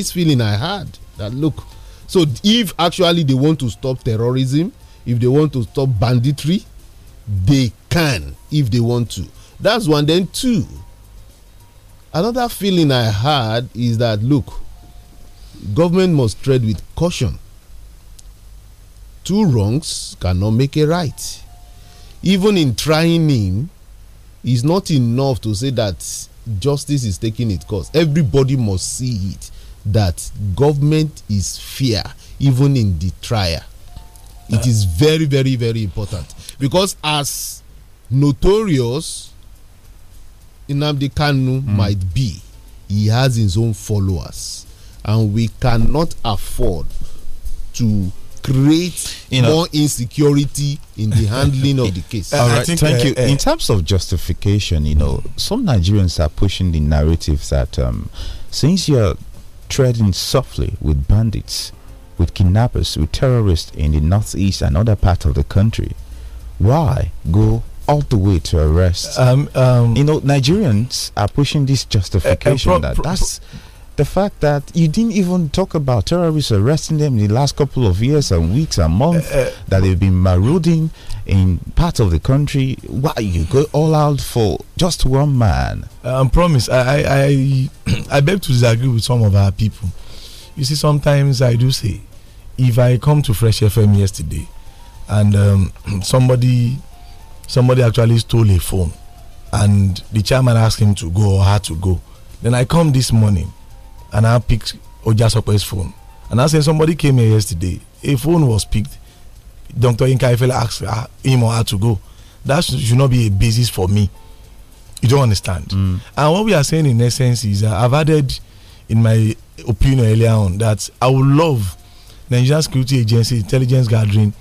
this feeling I had that look. So if actually they want to stop terrorism, if they want to stop banditry, they can if they want to. That's one. Then two. Another feeling I had is that look, government must tread with caution. Two wrongs cannot make a right. Even in trying him, is not enough to say that justice is taking its course. Everybody must see it that government is fair even in the trial. It is very, very, very important because as notorious Inamdi Kanu mm. might be, he has his own followers, and we cannot afford to create you know, more insecurity in the handling of the case. All right, thank uh, you. Uh, in terms of justification, you know, some Nigerians are pushing the narrative that um, since you're treading softly with bandits, with kidnappers, with terrorists in the northeast and other parts of the country. Why go all the way to arrest? Um, um, you know, Nigerians are pushing this eh, eh, justification uh, uh, that that's the fact that you didn't even talk about terrorists arresting them in the last couple of years and weeks and months uh, that they've been marauding in parts of the country. Why you go all out for just one man? Uh, I promise, I, I, I beg to disagree with some of our people. You see, sometimes I do say, if I come to Fresh FM yesterday and um, somebody, somebody actually stole a phone and the chairman asked him to go or had to go, then I come this morning and I picked Ojasope's phone. And I said, somebody came here yesterday. A phone was picked. Dr. Inka Ifele asked ah, him or her to go. That should not be a basis for me. You don't understand. Mm. And what we are saying in essence is uh, I've added in my opinion earlier on that I would love Nigerian Security Agency intelligence gathering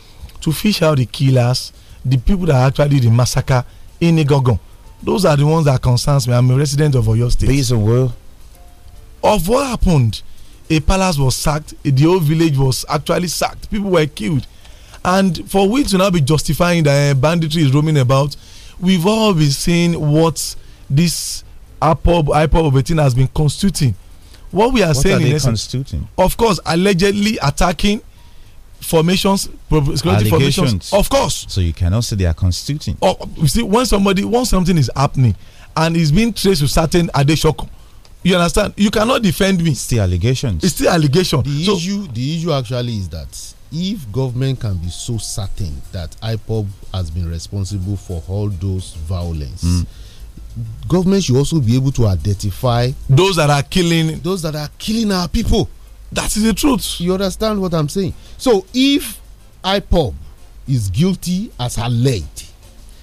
to fish out the killers, the people that actually did the massacre in Igogon. Those are the ones that concerns me. I'm a resident of Oyo State. Peace and will of what happened a palace was sacked the whole village was actually sacked people were killed and for we to now be justifying that uh, banditry is roaming about we've all been seeing what this ipob ipob of has been constituting what we are what saying are of course allegedly attacking formations security formations of course so you cannot say they are constituting oh you see when somebody when something is happening and it's being traced to certain adesokan you understand you cannot defend me. it's still allegations. it's still allegations. the so, issue the issue actually is that if government can be so certain that ipob has been responsible for all those violence. Mm. government should also be able to identify. those that are killing. those that are killing our people. that is the truth. you understand what i'm saying so if ipob is guilty as alleged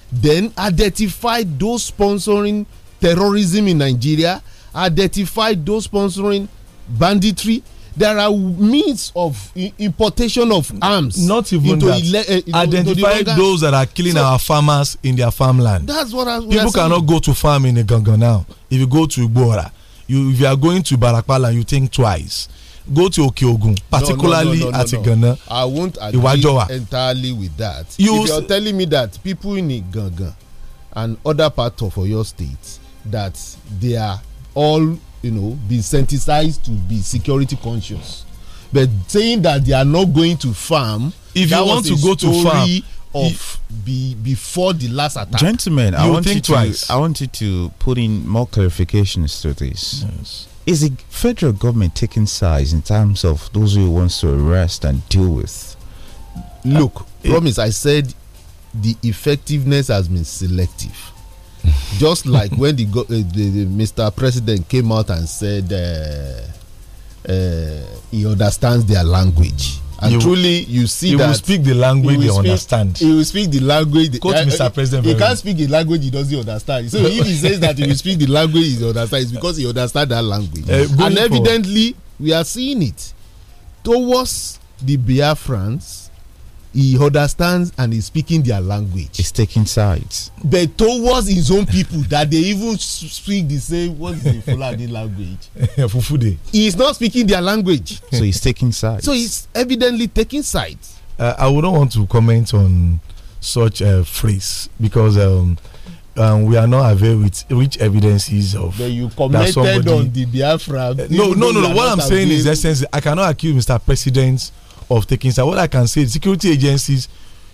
then identify those sponsoring terrorism in nigeria identify those sponsoring banditry there are means of importation of arms. Not even that. Uh, Identify those that are killing so, our farmers in their farmland. That's what I, people cannot go to farm in Iganga now. If you go to Igbora, you if you are going to Barakpala, you think twice. Go to Okeogun, particularly no, no, no, at Iganga. I won't agree Iwajowa. entirely with that. You if you're telling me that people in Iganga and other parts of your state that they are all you know be sensitized to be security conscious but saying that they are not going to farm if you want to go to farm of be, before the last attack gentlemen i want you twice. to i want you to put in more clarifications to this yes. is the federal government taking sides in terms of those who wants to arrest and deal with look uh, promise it, i said the effectiveness has been selective just like when the, uh, the, the, Mr. President came out and said uh, uh, he understands their language. And you, truly, you see he that. He will speak the language they speak, understand. He will speak the language. Quote Mr. President. He, can't speak a language he doesn't understand. So if he says that he will speak the language he understands, it's because he understands that language. and evidently, we are seeing it towards the Biafrans he understands and he's speaking their language. He's taking sides. But towards his own people that they even speak the same what's the Fulani language. Fufude. He's not speaking their language. So he's taking sides. So he's evidently taking sides. Uh, I wouldn't want to comment on such a phrase because um, um, we are not aware with which evidences of. But you commented somebody, on the Biafra. Uh, no, no, no, no. What I'm saying is, essence, I cannot accuse Mr. President of taking side what i can say security agencies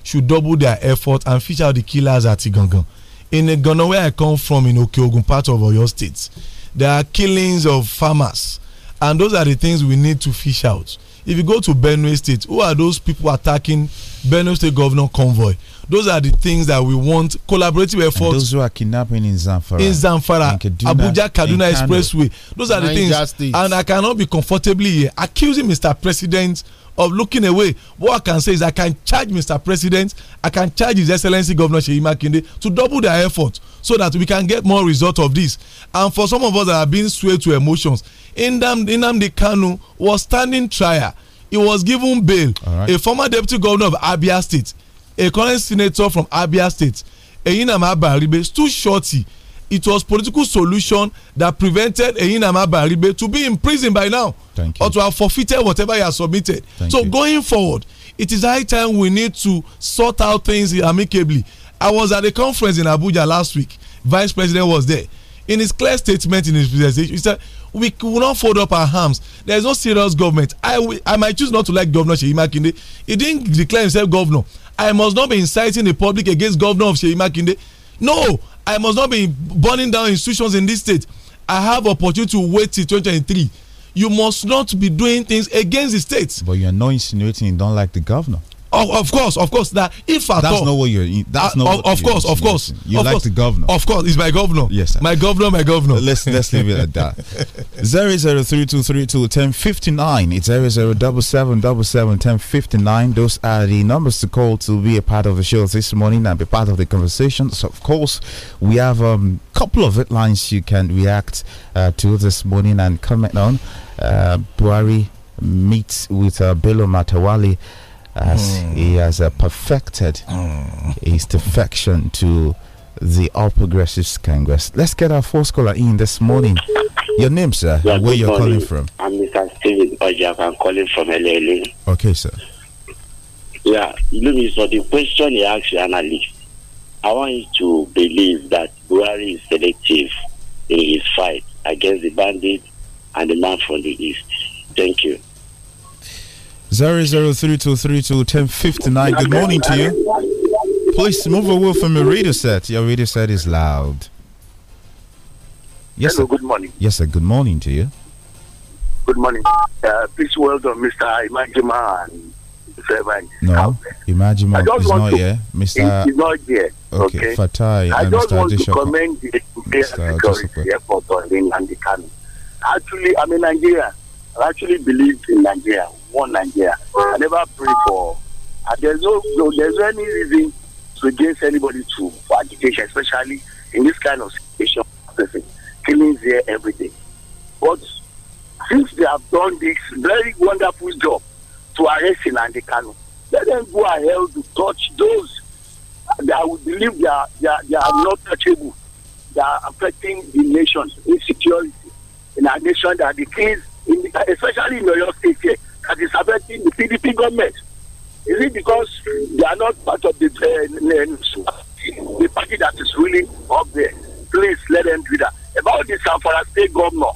should double their effort and fish out the killers at igangan in Gana where i come from in okeogun part of oyo state there are killings of farmers and those are the things we need to fish out if you go to benue state who are those people attacking benue state governor convoy those are the things that we want collaborative efforts. And those who are kidnapping in Zamfara, in Zamfara, in Kaduna, Abuja Kaduna Expressway. Those are the things. And I cannot be comfortably here accusing Mr. President of looking away. What I can say is I can charge Mr. President, I can charge His Excellency Governor Sheyi Makinde to double their efforts so that we can get more result of this. And for some of us that are being swayed to emotions, Indam the Kanu was standing trial. He was given bail. Right. A former deputy governor of Abia State a current senator from abia state enyinam abaribe stood shorty it was political solution that prevented enyinam abaribe to be in prison by now or to have forfeited whatever he has submitted Thank so you. going forward it is high time we need to sort out things amicably i was at a conference in abuja last week vice president was there in his clear statement in his presentation he said we will not fold up our arms there is no serious government i i might choose not to like governor seyi Kinde. he didn't declare himself governor I must not be inciting the public against Governor of Sheyi Makinde. No, I must not be burning down institutions in this state. I have opportunity to wait till 2023. You must not be doing things against the state. But you're not insinuating you don't like the governor. Oh, of course, of course. That if at that's all, not what you're. That's uh, not. Of, of course, of course. You like course, the governor. Of course, it's my governor. Yes, sir. my governor, my governor. Let's let's leave it at that. Zero zero three two three two ten fifty nine. It's zero zero double seven double seven ten fifty nine. Those are the numbers to call to be a part of the show this morning and be part of the conversation. So, of course, we have a um, couple of headlines you can react uh, to this morning and comment on. Uh, meets with uh, Bello Matawali as mm. he has uh, perfected mm. his defection to the All Progressives Congress. Let's get our first caller in this morning. Your name, sir, yeah, where you're morning. calling from? I'm Mr. Steven Ojab. I'm calling from LLA. Okay, sir. Yeah, Louis, for the question he asked analyst, I want you to believe that Buhari is selective in his fight against the bandit and the man from the east. Thank you. Zero zero three two three two ten fifty nine. Good morning to you. Please move away from your radio set. Your radio set is loud. Yes, Hello, sir. good morning. Yes, sir. Good morning to you. Good morning. Uh, please welcome Mr. Imajima and Seven. No, Imajima is not to, here. Mr. He's not here. Okay, okay. Fatai I and just Mr. want Adishoko. to commend the Mr. airport on the Actually, I'm a Nigerian. I actually believe in Nigeria. One Nigeria. I never pray for. there's no, no, there's no any reason to against anybody to for agitation, especially in this kind of situation. Killings here every day. But since they have done this very wonderful job to arrest the Kanu, let them go ahead to touch those that would believe they are, they are, they are not touchable. They are affecting the nation's insecurity in a nation that the kids, in, especially in Oyo State here, that is affecting the PDP government? Is it because they are not part of the, uh, the party that is ruling up there? Please let them do that. About the San Francisco State governor,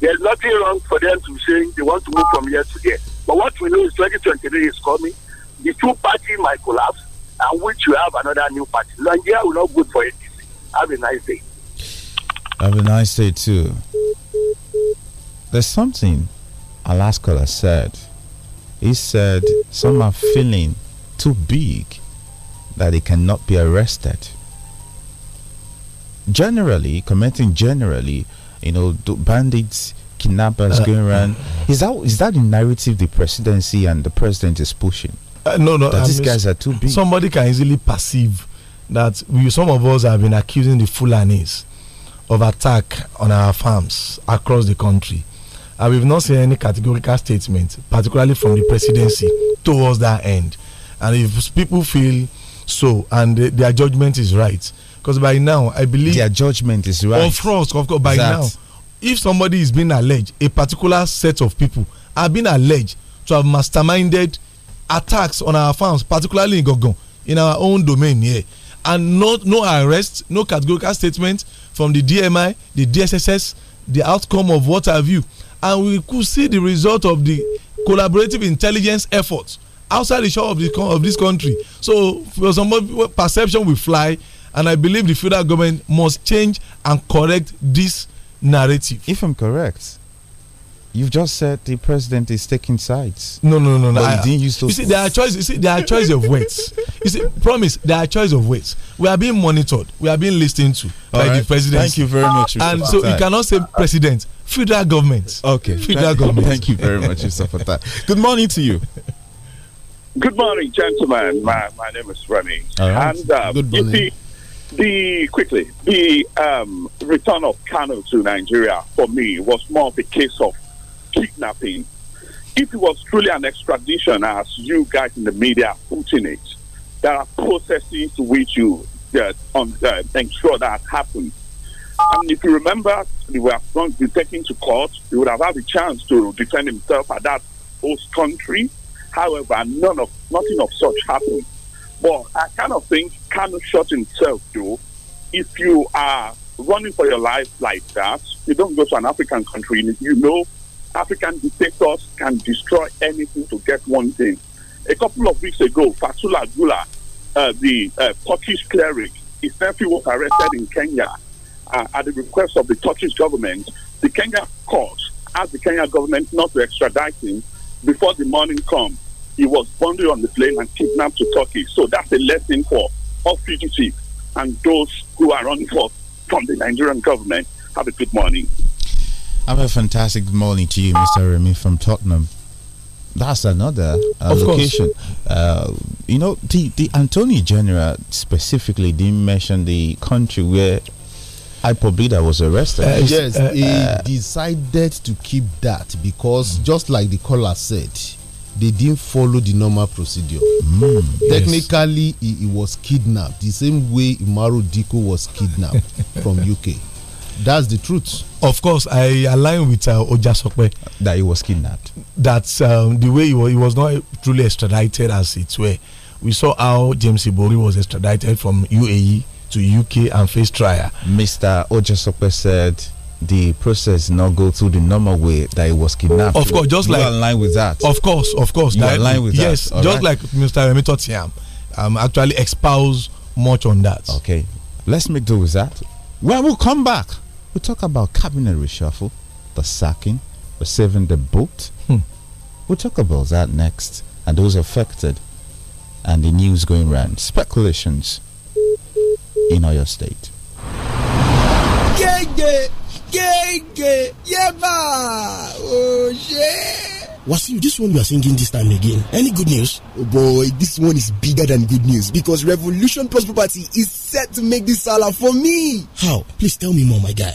there's nothing wrong for them to say they want to move from here to there. But what we know is 2023 is coming. The two party might collapse, and which will have another new party. Nigeria will not good for it. Have a nice day. Have a nice day too. There's something Alaskola said. He said some are feeling too big that they cannot be arrested. Generally, commenting generally, you know, bandits, kidnappers uh, going around. Is that is that the narrative the presidency and the president is pushing? Uh, no, no. That these guys are too big. Somebody can easily perceive that we, some of us have been accusing the Fulanis of attack on our farms across the country and we've not seen any categorical statement, particularly from the presidency, towards that end. And if people feel so and their judgment is right, because by now I believe their judgment is right. Of course, of course, by that. now, if somebody is being alleged, a particular set of people are being alleged to have masterminded attacks on our farms, particularly in Gogon, in our own domain here. And not, no arrest, no categorical statement from the DMI, the DSSS, the outcome of what have you and we could see the result of the collaborative intelligence efforts outside the shore of, the, of this country so for some perception will fly and i believe the federal government must change and correct this narrative. if i'm correct you've just said the president is taking sides. no no no no I, you see there are choices you see there are choice of words you see promise there are choice of words we are being monitored we are being listened to All by right. the president. thank you very much. and so time. you cannot say president Federal government. Okay. Federal government. Thank you very much, Yusuf, for that. Good morning to you. Good morning, gentlemen. My, my name is Remy. Right. And um, Good morning. See, the quickly the um, return of Kano to Nigeria for me was more of a case of kidnapping. If it was truly an extradition, as you guys in the media are putting it, there are processes to which you uh, on, uh, ensure that happens. And if you remember, he were going to be taken to court. He would have had a chance to defend himself at that host country. However, none of nothing of such happened. But I kind of think Kanu shot himself though. If you are running for your life like that, you don't go to an African country. You know, African dictators can destroy anything to get one thing. A couple of weeks ago, Fatula Gula, uh, the uh, Turkish cleric, his nephew was arrested in Kenya uh, at the request of the Turkish government, the Kenya court asked the Kenya government not to extradite him before the morning comes, He was bundled on the plane and kidnapped to Turkey. So that's a lesson for all fugitives and those who are running for from the Nigerian government. Have a good morning. Have a fantastic morning to you, Mr. Remy from Tottenham. That's another uh, location. Uh, you know, the, the Antony General specifically didn't mention the country where Ipobida was arrested. Uh, yes, uh, he uh, decided to keep that because, mm. just like the caller said, they didn't follow the normal procedure. Mm, Technically, yes. he, he, was kidnapped the same way Imaru Diko was kidnapped from UK. That's the truth. Of course, I align with uh, Oja That he was kidnapped. That's um, the way he was, he was not truly extradited as it were. We saw how James Ibori was extradited from UAE to UK and face trial. Mr. Ojasope said the process not go through the normal way that he was kidnapped. Of course, just you like are in line with that. Of course, of course, you are in line with yes, that. Yes, just right? like Mr. Remi Totiam, um, actually expose much on that. Okay, let's make do with that. When we come back, we we'll talk about cabinet reshuffle, the sacking, receiving the boat. Hmm. We'll talk about that next, and those affected, and the news going round, speculations. in Oyo State. Gege, gege, yeba, oh Wasim, this one you are singing this time again. Any good news? Oh boy, this one is bigger than good news because Revolution Plus Property is set to make this salah for me. How? Please tell me more, my guy.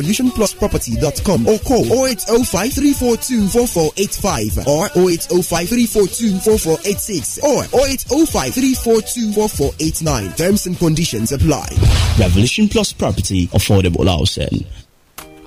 revolutionplusproperty.com or call 0805 342 4485 or 0805 342 4486 or 0805 342 4489. Terms and conditions apply. Revolution Plus Property Affordable Housing.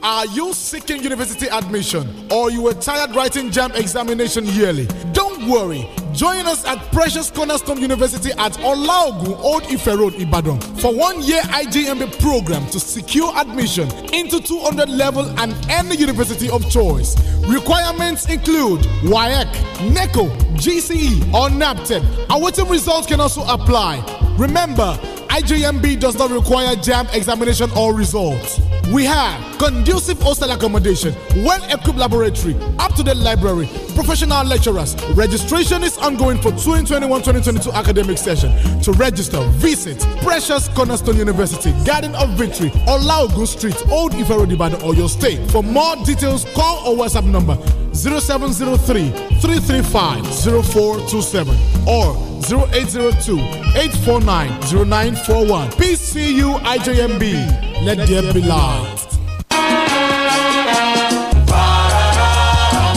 Are you seeking university admission or you were tired writing jam examination yearly? Don't worry. Join us at Precious Cornerstone University at Olaogun Old Ife Road, Ibadan for one year IGMB program to secure admission into 200 level and any university of choice. Requirements include WAEC, NECO, GCE or NAPTEN. Awaiting e results can also apply. Remember, IJMB does not require JAM examination or results. We have conducive hostel accommodation, well-equipped laboratory, up-to-date library, professional lecturers. Registration is ongoing for 2021-2022 academic session. To register, visit Precious Cornerstone University, Garden of Victory, Olaogun Street, Old Ife Road, Ibadan, or your state. For more details, call or WhatsApp number 0703 335 0427 or 0802 849 0941. PCU IJMB. Let there be light.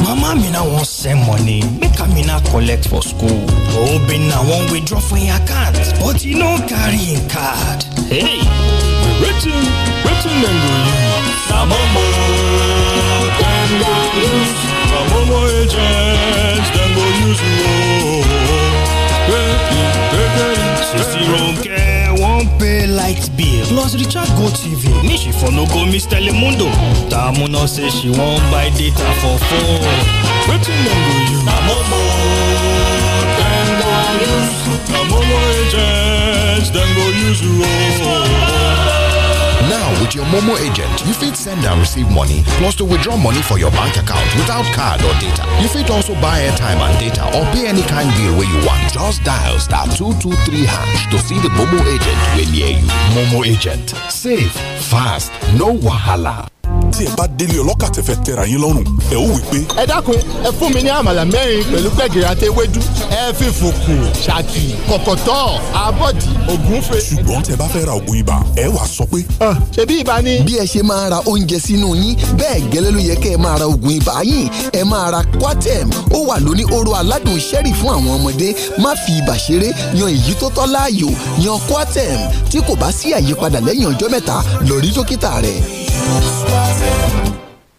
mama me na wan send money make i me na collect for school oh bin na wan withdraw for your account but e no carry im card hey wetin wetin dem go use na momo dem go use agents dem go use you so see ronke wan pay light bill plus Richard go tv make she for no go miss telemundo tamuna say she won't buy data for phone wetin dem go use on board. Then go use I'm on agents Then go use you with your Momo agent, you fit send and receive money, plus to withdraw money for your bank account without card or data. You fit also buy airtime and data or pay any kind bill where you want. Just dial star 223 hash to see the Momo agent when near you. Momo agent. safe, Fast. No wahala. tí ẹ bá délé ọlọ́kà tẹ̀fẹ̀ tẹ̀ra yín lọ́rùn ẹ ó wí pé. ẹ dákun ẹ fún mi ní àmàlà mẹ́rin pẹ̀lú pẹ̀gìrì àti ewédú ẹ fi fùkù ṣàkì kọ̀kọ̀tọ̀ àbọ̀dì ògúnfe. ṣùgbọ́n tẹ bá fẹ́ ra ògùn ibà ẹ wà sọ pé. Ah, ṣebí ibà ni. bí ẹ ṣe máa ra oúnjẹ sínú yín bẹ́ẹ̀ gẹ́lẹ́ ló yẹ kẹ́ ẹ máa ra ògùn ibà yín ẹ máa ra Coartem ó wà lóní oró aládùn sẹ́rì fún àwọn ọmọdé má fi ibà ṣeré yan èyí tó tọ́ láàyò yan Coartem tí kò bá sí àyípadà lẹ́yìn ọjọ́ mẹ́ta lọ rí dókítà rẹ̀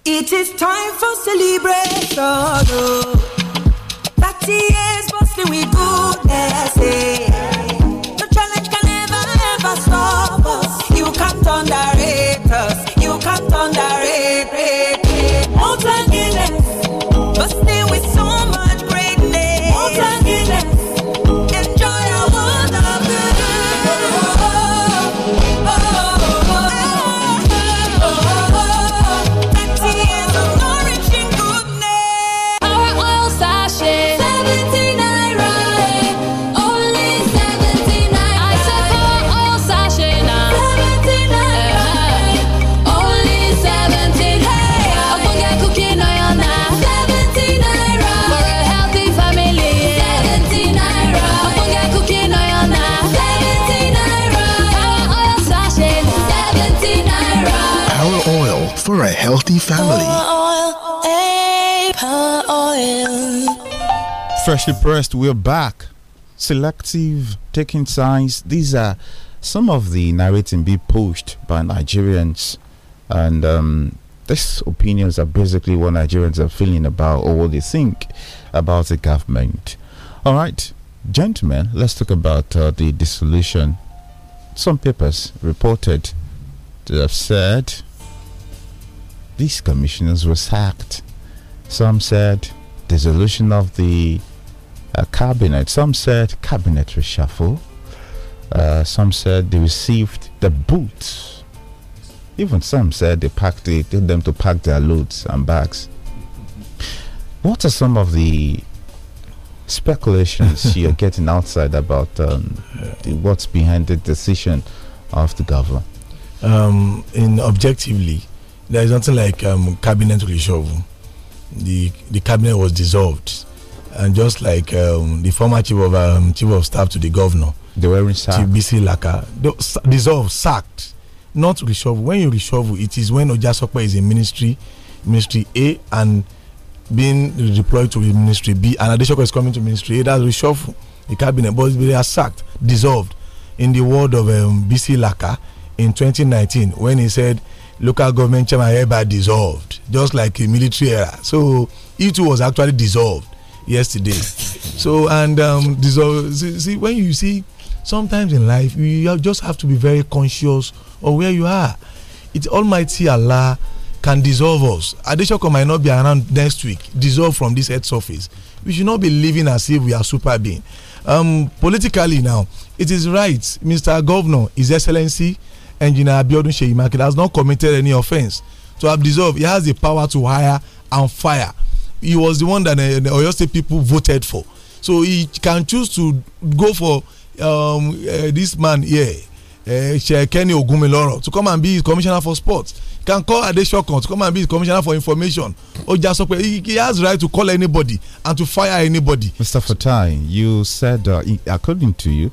It is time for celebration. 30 years bustling with goodness. Eh? Leadership Rest, we're back. Selective, taking sides. These are some of the narrating being pushed by Nigerians. And um, these opinions are basically what Nigerians are feeling about or what they think about the government. All right, gentlemen, let's talk about uh, the dissolution. Some papers reported to have said these commissioners were sacked. Some said dissolution of the a cabinet. Some said cabinet reshuffle. Uh, some said they received the boots. Even some said they packed they told them to pack their loads and bags. What are some of the speculations you're getting outside about um, the, what's behind the decision of the governor? Um, in objectively, there is nothing like um, cabinet reshuffle. The the cabinet was dissolved and just like um, the former chief of um, chief of staff to the governor, they were in BC Laka, dissolved, sacked, not reshuffle. When you reshuffle, it is when Ojasopa is in ministry, ministry A, and being deployed to ministry B, and Adeshoko is coming to ministry A. That's reshuffle. The cabinet, but they are sacked, dissolved. In the word of um, BC Laka in 2019, when he said local government chairman hereby dissolved, just like a military era. So it was actually dissolved yesterday. so and um, this, uh, see, see, when you see sometimes in life you just have to be very conscious of where you are. It's Almighty Allah can dissolve us. Adeshoko might not be around next week. Dissolve from this head surface. We should not be living as if we are super being. Um, politically now, it is right, Mr. Governor, His Excellency, Engineer Abiodun Sheimaki has not committed any offence to have dissolved. He has the power to hire and fire he was the one that the, eh, the Oyo State people voted for. So he can choose to go for um, uh, this man here, uh, Kenny Ogumiloro, to come and be his commissioner for sports. He can call Adeshokan to come and be his commissioner for information. Or just he, he has right to call anybody and to fire anybody. Mr. Fatai, you said, uh, according to you,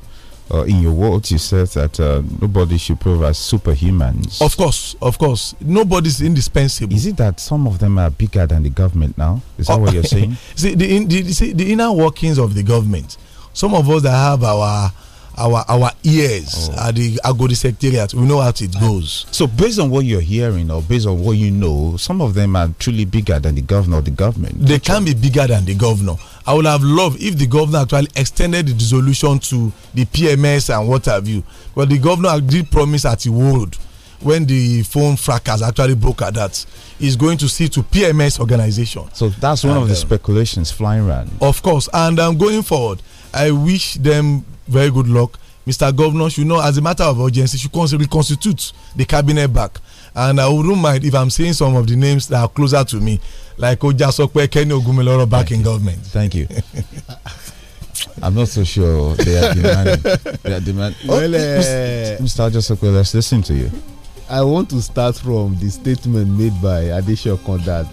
uh, in your words, you said that uh, nobody should prove as superhumans. Of course, of course. Nobody's indispensable. Is it that some of them are bigger than the government now? Is that oh. what you're saying? see, the, in, the, see, the inner workings of the government. Some of us that have our our our ears oh. at the Agodi Secretariat. We know how it goes. So, based on what you're hearing or based on what you know, some of them are truly bigger than the governor or the government. They can be bigger than the governor. I would have loved if the governor actually extended the dissolution to the PMS and what have you. But the governor did promise that he would when the phone fracas actually broke at he's going to see to PMS organization. So that's one and, of the um, speculations flying around. Of course, and um, going forward, I wish them very good luck. Mr. Governor should know, as a matter of urgency, should reconstitute the cabinet back. And I wouldn't mind if I'm seeing some of the names that are closer to me, like Ojasokwe Kenny Ogumiloro back Thank in you. government. Thank you. I'm not so sure they are demanding. they are demanding. Well, uh, Mr. Ojasokwe, let's listen to you. I want to start from the statement made by Adesokan that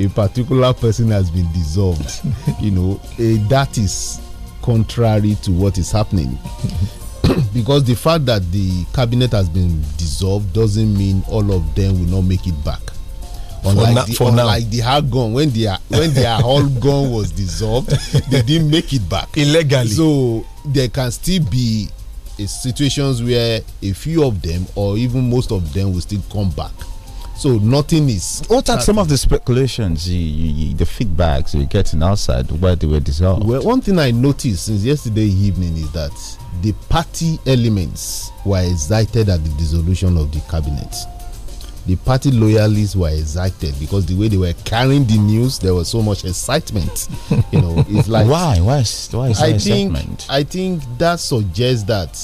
a particular person has been dissolved. you know, uh, that is contrary to what is happening. because the fact that the cabinet has been dissolved doesn't mean all of them will not make it back. Unlike, the, unlike the hard gun, when they are when their whole gun was dissolved, they didn't make it back illegally. So there can still be situations where a few of them or even most of them will still come back so nothing is. What are some of the speculations, you, you, the feedbacks you're getting outside, where they were dissolved? Well, one thing I noticed since yesterday evening is that the party elements were excited at the dissolution of the cabinet. The party loyalists were excited because the way they were carrying the news, there was so much excitement. you know, it's like why? Why? Why is I think, excitement? I think that suggests that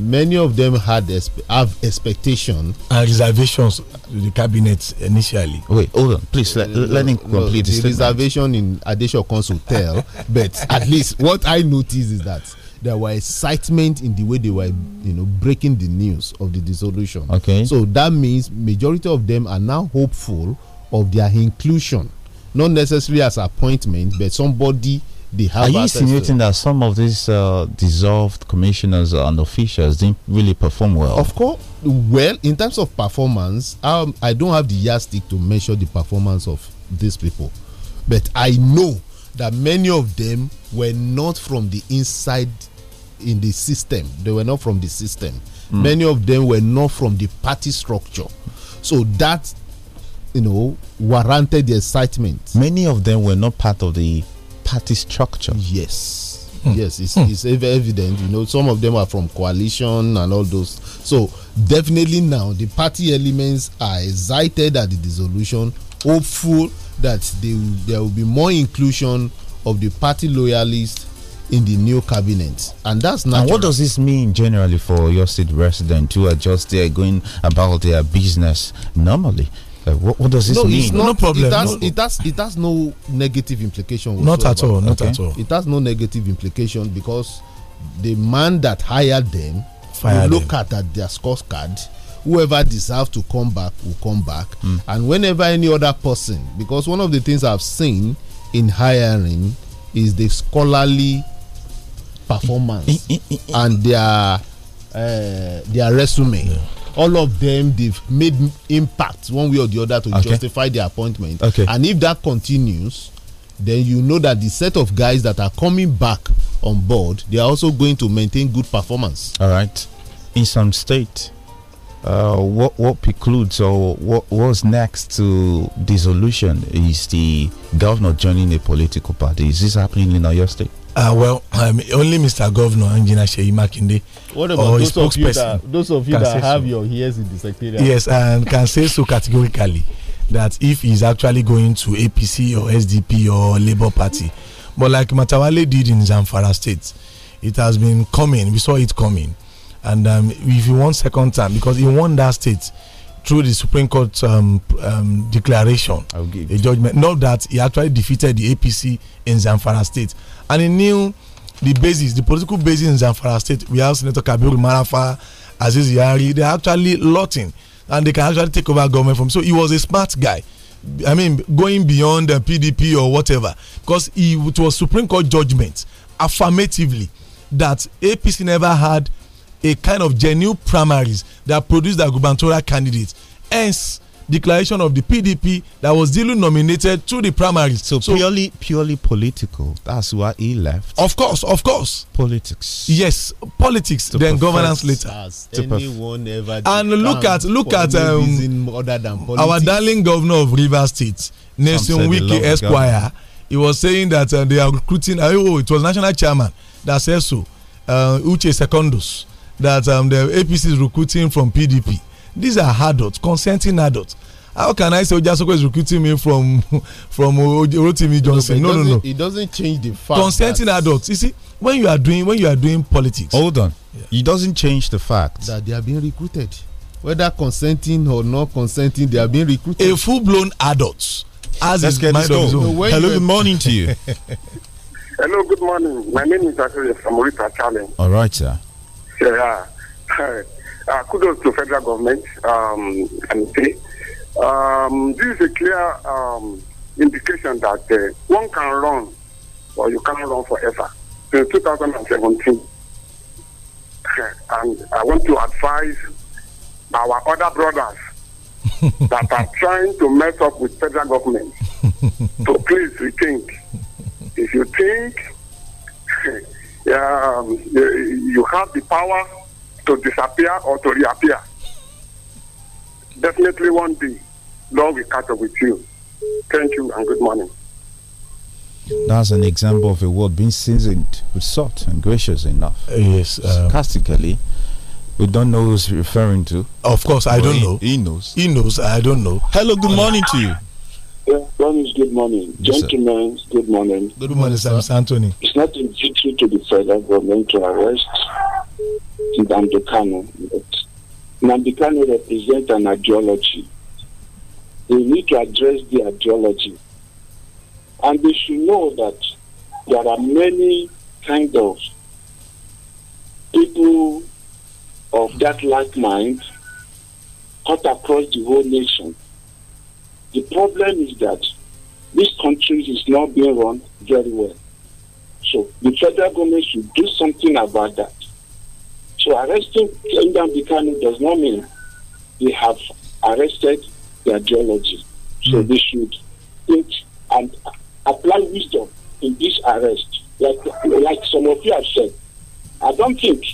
many of them had have expectation uh, reservations to the cabinet initially. Wait, hold on, please. Let, uh, me let complete no, the, the reservation in Adesho Council tell, but at least what I noticed is that there were excitement in the way they were, you know, breaking the news of the dissolution. Okay. So that means majority of them are now hopeful of their inclusion, not necessarily as appointment, but somebody they have. Are you insinuating that some of these uh, dissolved commissioners and officials didn't really perform well? Of course. Well, in terms of performance, um, I don't have the yardstick to measure the performance of these people, but I know that many of them were not from the inside in the system. They were not from the system. Mm. Many of them were not from the party structure. So that you know warranted the excitement. Many of them were not part of the party structure. Yes. Mm. Yes, it's, mm. it's evident. You know, some of them are from coalition and all those. So, definitely now, the party elements are excited at the dissolution, hopeful that they will, there will be more inclusion of the party loyalists in the new cabinet and that's natural. And what does this mean generally for your state resident who are just there going about their business normally uh, what, what, does this no, mean? Not, no problem. It has, no. It, has, it has no negative implication. Not at all. Not okay. at all. It has no negative implication because the man that hired them Fire will look at, at their scorecard. Whoever deserves to come back will come back. Mm. And whenever any other person, because one of the things I've seen in hiring is the scholarly performance and their uh, their resume. Yeah all of them they've made impact one way or the other to okay. justify their appointment. Okay. And if that continues, then you know that the set of guys that are coming back on board, they are also going to maintain good performance. All right. In some state, uh, what what precludes or what was next to dissolution is the governor joining a political party. Is this happening in our state? Uh, well, um, only Mr. Governor Engineer Sheyi Makinde. What about those of, that, those of you that have so. your ears in the secretariat? Yes, and can say so categorically that if he's actually going to APC or SDP or Labour Party, but like Matawale did in Zamfara State, it has been coming. We saw it coming, and um, if he won second time because he won that state through the Supreme Court um, um, declaration, a judgment. Not that he actually defeated the APC in Zamfara State, and he knew the basis, the political basis in Zamfara State. We have Senator Kabiru Marafa, Aziz Yari. They're actually lotting, and they can actually take over government from. So he was a smart guy. I mean, going beyond the PDP or whatever, because he, it was Supreme Court judgment affirmatively that APC never had a kind of genuine primaries that produced the gubernatorial candidate. hence declaration of the pdp that was duly nominated to the primaries. So, so, purely purely political that's why he left. of course of course. politics. yes politics to then governance later. anyone ever and look at look at um, our darling governor of rivers state nelson wiki esquire he was saying that uh, they are recruiting uh, oh it was national chairman that said so uh, uche Secondus that um, the APC is recruiting from PDP. These are adults, consenting adults. How can I say Ojasoko is recruiting me from from Orotimi Johnson? No, no, no. It doesn't change the fact. Consenting adults. You see, when you are doing when you are doing politics. Hold on. Yeah. It doesn't change the fact that they are being recruited, whether consenting or not consenting, they are being recruited. A full-blown adult. As Let's get this going. So Hello, good morning to you. Hello, good morning. My name is Akere from Rita Challenge. All right, sir. Yeah. Uh, kudos to federal government um, and state. Um, this is a clear um, indication that uh, one can run, but you cannot run forever. Since 2017, and I want to advise our other brothers that are trying to mess up with federal government to please rethink. If you think um, you have the power to disappear or to reappear. Definitely one day, Lord will catch up with you. Thank you and good morning. That's an example of a word being seasoned with salt and gracious enough. Yes. Um, Sarcastically, we don't know who's referring to. Of course, I don't he, know. He knows. He knows. I don't know. Hello, good morning to you. Yeah, good morning. Yes, Gentlemen, sir. good morning. Good morning, sir. Anthony. It's not a victory to the federal government to arrest But Nambikano represents an ideology. They need to address the ideology. And they should know that there are many kind of people of that like mind cut across the whole nation the problem is that this country is not being run very well. So the federal government should do something about that. So arresting Ndam Bikano does not mean they have arrested the ideology. So mm. they should think and apply wisdom in this arrest. Like like some of you have said, I don't think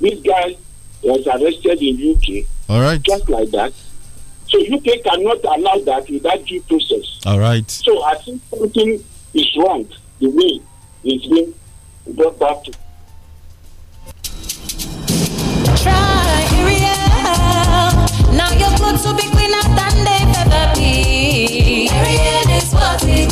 this guy was arrested in UK. All right. Just like that. So UK cannot allow that without due process. All right. So I think something is wrong the way it's being brought back to. Now you're good to be cleaner than they ever been. Ariel is what it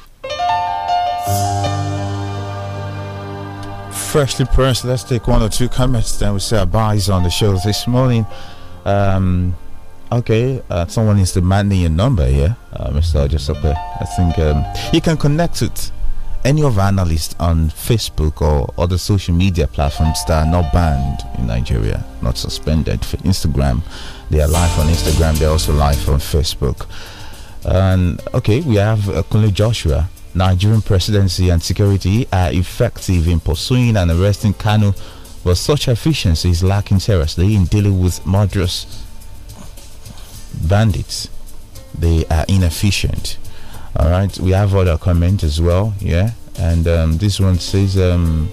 freshly pressed. Let's take one or two comments, then we say our buys on the show this morning. Um, okay, uh, someone is demanding your number here, uh, Mr. Joseph. I think um, you can connect with any of our analysts on Facebook or other social media platforms that are not banned in Nigeria, not suspended. For Instagram, they are live on Instagram, they're also live on Facebook. And okay, we have uh, Kunle Joshua Nigerian presidency and security are effective in pursuing and arresting Kanu, but such efficiency is lacking seriously in dealing with murderous bandits. They are inefficient. All right, we have other comments as well. Yeah, and um, this one says, um,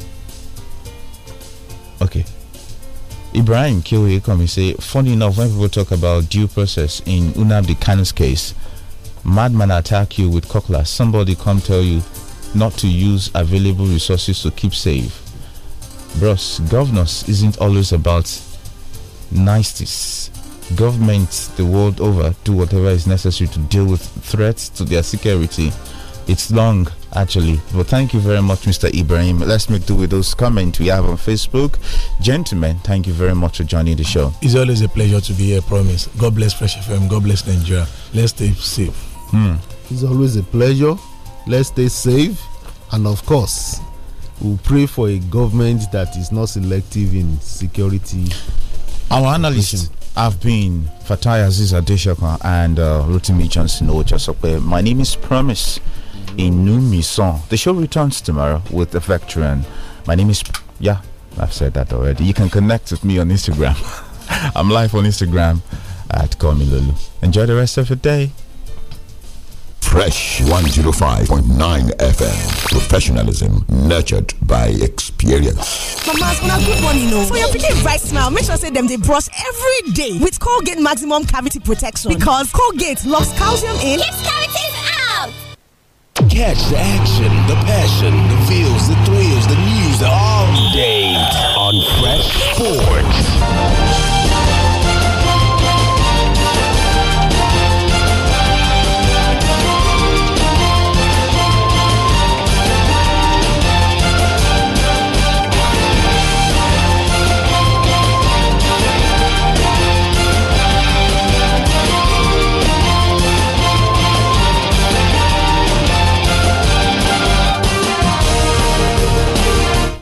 okay. Ibrahim Kiwi come and say, funny enough, when people talk about due process in Unabdi Kanu's case, madman attack you with cochlear, somebody come tell you not to use available resources to keep safe. Bros, governance isn't always about niceties. Governments the world over do whatever is necessary to deal with threats to their security. It's long, actually. But thank you very much, Mr. Ibrahim. Let's make do with those comments we have on Facebook. Gentlemen, thank you very much for joining the show. It's always a pleasure to be here, promise. God bless Fresh FM. God bless Nigeria. Let's stay safe. Mm. It's always a pleasure. Let's stay safe. And of course, we'll pray for a government that is not selective in security. Our analysts have been Fatai Aziz and uh, Rotimi Johnson Ochasope. My name is Promise Inumison. The show returns tomorrow with the veteran. My name is, yeah, I've said that already. You can connect with me on Instagram. I'm live on Instagram at Lulu. Enjoy the rest of your day. Fresh 105.9 FM. Professionalism nurtured by experience. Mamas, on a good one, you know. For your picking bright smile, make sure say them they brush every day with Colgate Maximum Cavity Protection because Colgate locks calcium in. Keeps cavities out. Catch the action, the passion, the feels, the thrills, the news all day on Fresh Sports.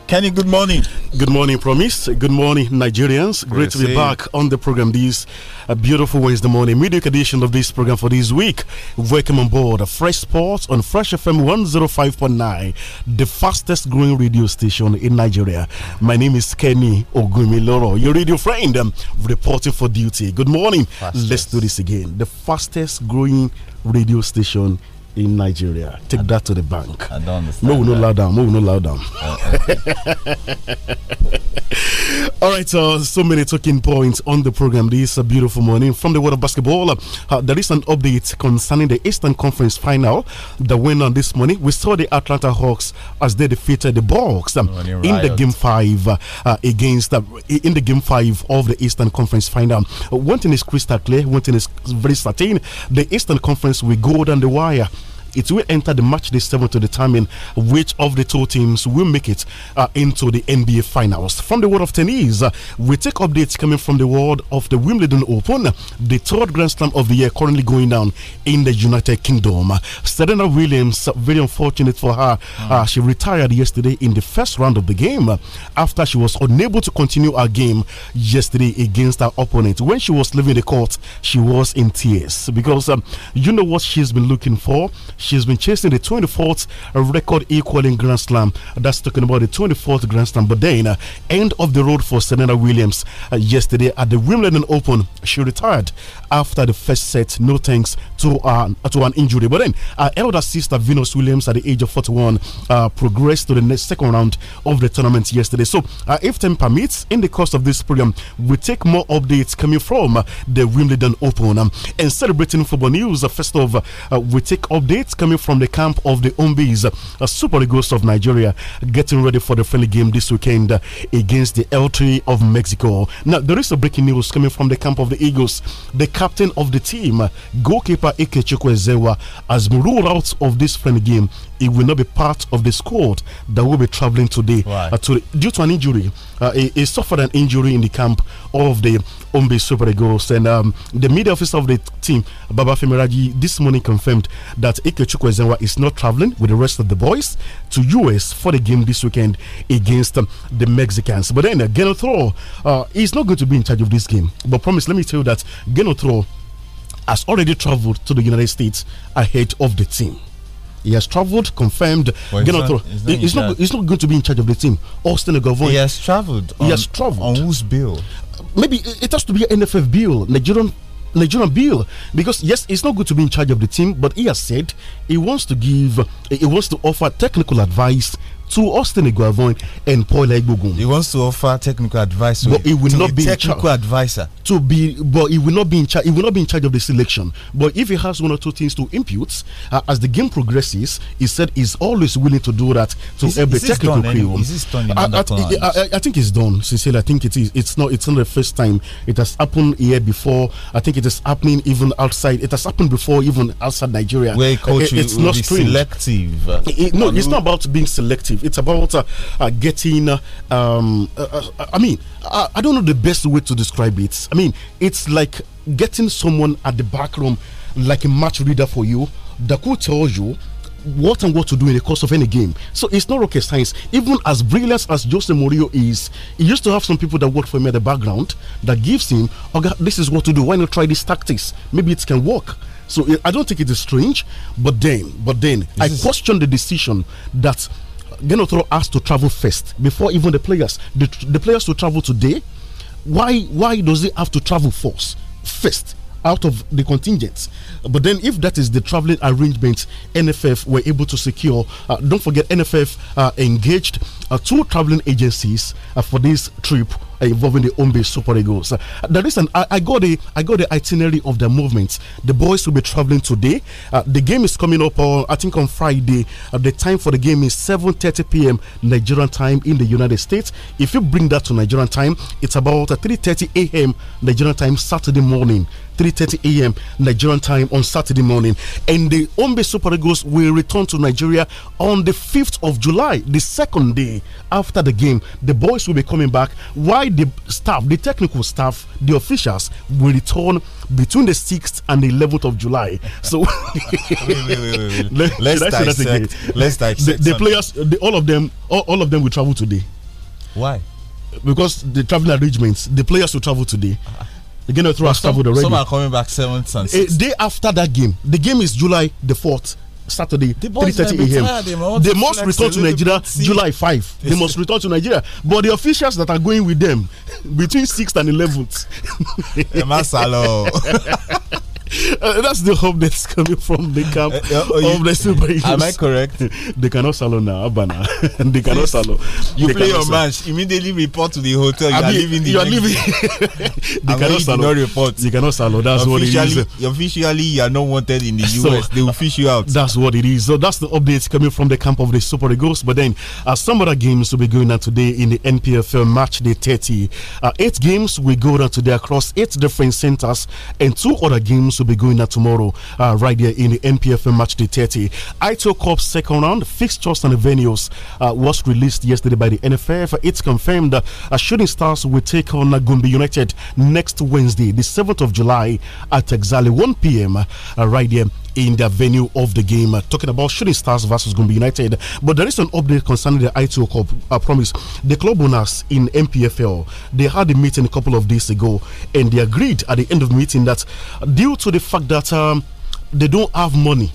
Kenny, good morning. Good morning, Promise. Good morning, Nigerians. Great, to be back on the program this a uh, beautiful Wednesday morning. Midweek edition of this program for this week. Welcome on board Fresh Sports on Fresh FM 105.9, the fastest growing radio station in Nigeria. My name is Kenny Ogumiloro, your radio friend, um, reporting for duty. Good morning. Fastest. Let's do this again. The fastest growing radio station in Nigeria. Take I that to the bank. I don't understand. Move no loud down. Move no loud down. Uh, okay. All right, uh, so many talking points on the program. This is a beautiful morning from the world of basketball. Uh, there is an update concerning the Eastern Conference final that went on this morning. We saw the Atlanta Hawks as they defeated the Bucks um, in the game five uh, uh against uh, in the game five of the Eastern Conference final. Uh, one thing is crystal clear, one thing is very certain: the Eastern Conference will go down the wire it will enter the match day seven to determine which of the two teams will make it uh, into the NBA finals. From the world of tennis, uh, we take updates coming from the world of the Wimbledon Open, the third Grand Slam of the year currently going down in the United Kingdom. Serena Williams, very unfortunate for her, hmm. uh, she retired yesterday in the first round of the game uh, after she was unable to continue her game yesterday against her opponent. When she was leaving the court, she was in tears because um, you know what she's been looking for. She's been chasing the 24th record equaling Grand Slam. That's talking about the 24th Grand Slam. But then, uh, end of the road for Serena Williams uh, yesterday at the Wimbledon Open. She retired after the first set, no thanks to, uh, to an injury. But then, her uh, elder sister Venus Williams, at the age of 41, uh, progressed to the next second round of the tournament yesterday. So, uh, if time permits, in the course of this program, we take more updates coming from the Wimbledon Open um, and celebrating football news. first of, we take updates coming from the camp of the Umbis, a Super Eagles of Nigeria, getting ready for the friendly game this weekend against the L L3 of Mexico. Now, there is a breaking news coming from the camp of the Eagles. The captain of the team, goalkeeper Ike Chukwezewa, has been ruled out of this friendly game. He will not be part of the squad that will be traveling today uh, to, due to an injury. Uh, he, he, suffered an injury in the camp of the Ombe Super Eagles. And um, the media officer of the team, Baba Femiraji, this morning confirmed that Ike Chukwezenwa is not traveling with the rest of the boys to US for the game this weekend against um, the Mexicans. But then uh, Genotro uh, is not going to be in charge of this game. But promise, let me tell you that Genotro has already traveled to the United States ahead of the team he has traveled, confirmed. Well, he's, not, he's, not, he's, not, he's, not, going to be in charge of the team. Austin Govon. He has traveled. He on, has traveled. On whose bill? maybe it has to be an NFF bill, Nigerian Nigerian bill because yes, it's not good to be in charge of the team, but he has said he wants to give, he wants to offer technical advice to Austin Iguavoin and Paul Egbogun. He wants to offer technical advice, but he will not be technical advisor to be. But he will not be in charge. He will not be in charge of the selection. But if he has one or two things to impute uh, as the game progresses, he said he's always willing to do that to is, help is the technical crew. Anyway? Is this done I, I, I, I, think it's done. Sincerely, I think it is. It's not. It's not the first time. It has happened here before. I think it is happening even outside. It has happened before even outside Nigeria. Where coach it's will not be selective. Uh, it, it, no, it's not about being selective it's about uh, uh getting. Uh, um, uh, I mean, I, I don't know the best way to describe it. I mean, it's like getting someone at the back room, like a match reader for you, that could tell you what and what to do in the course of any game. So it's not rocket science. Even as brilliant as Jose Mourinho is, he used to have some people that work for him at the background that gives him, okay, this is what to do. Why not try these tactics? Maybe it can work. So I don't think it is strange, but then, but then, this I question the decision that Genotro has to travel first before even the players. The, the players to travel today. Why why does he have to travel first? First out of the contingent. But then, if that is the traveling arrangement, NFF were able to secure. Uh, don't forget, NFF uh, engaged uh, two traveling agencies uh, for this trip Eh, involving the home Super Eagles. Uh, the reason I, I, got the I got the itinerary of the movements. The boys will be traveling today. Uh, the game is coming up on I think on Friday. Uh, the time for the game is 7:30 p.m. Nigerian time in the United States. If you bring that to Nigerian time, it's about 3:30 a.m. Nigerian time Saturday morning. 3.30 a.m. Nigerian time on Saturday morning. And the Ombe Super Eagles will return to Nigeria on the 5th of July, the second day after the game. The boys will be coming back. Why the staff, the technical staff, the officials will return between the 6th and the 11th of July. So Let, us dissect. Let's dissect. The, the players, the, all of them, all, all of them will travel today. Why? Because the traveling arrangements, the players will travel today. Uh -huh Again, throw well, some, already. Some are coming back seventh eh, and sixth. A day after that game, the game is July the fourth. Saturday, 3:30 a.m. They, they must return to Nigeria July 5. They must return to Nigeria. But the officials that are going with them between 6th and 11th. Uh, that's the hope that's coming from the camp uh, uh, of the Super Eagles. Am I correct? They cannot salon now, Abana. they cannot salon. You they play your salon. match, immediately report to the hotel. You are mean, leaving the You are leaving. they cannot salon. Not report. You cannot salon. That's officially, what it is. Officially, you are not wanted in the so, US. They will fish you out. That's what it is. So that's the updates coming from the camp of the Super Eagles. But then, some other games will be going on today in the NPFL match day 30. Uh, eight games will go on today across eight different centers and two other games also be going at tomorrow uh, right there in the NPFM match day 30. ITO Cup second round fixtures and venues uh, was released yesterday by the NFF. It's confirmed that uh, Shooting Stars will take on uh, Gumbi United next Wednesday, the 7th of July at exactly 1 p.m. Uh, right there in their venue of the game. Uh, talking about Shooting Stars versus Gumbi United. But there is an update concerning the ITO Cup. I promise. The club owners in MPFL, they had a meeting a couple of days ago and they agreed at the end of the meeting that due to the fact that um, they don't have money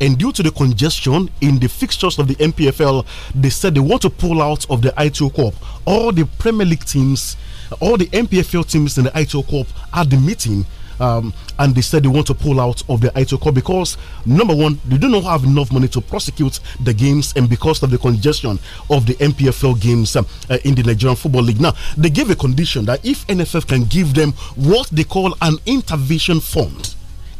and due to the congestion in the fixtures of the MPFL, they said they want to pull out of the ITO Cup. All the Premier League teams, all the MPFL teams in the ITO Cup at the meeting um, and they said they want to pull out of the Cup because number one, they do not have enough money to prosecute the games, and because of the congestion of the MPFL games um, uh, in the Nigerian Football League. Now, they gave a condition that if NFF can give them what they call an intervention fund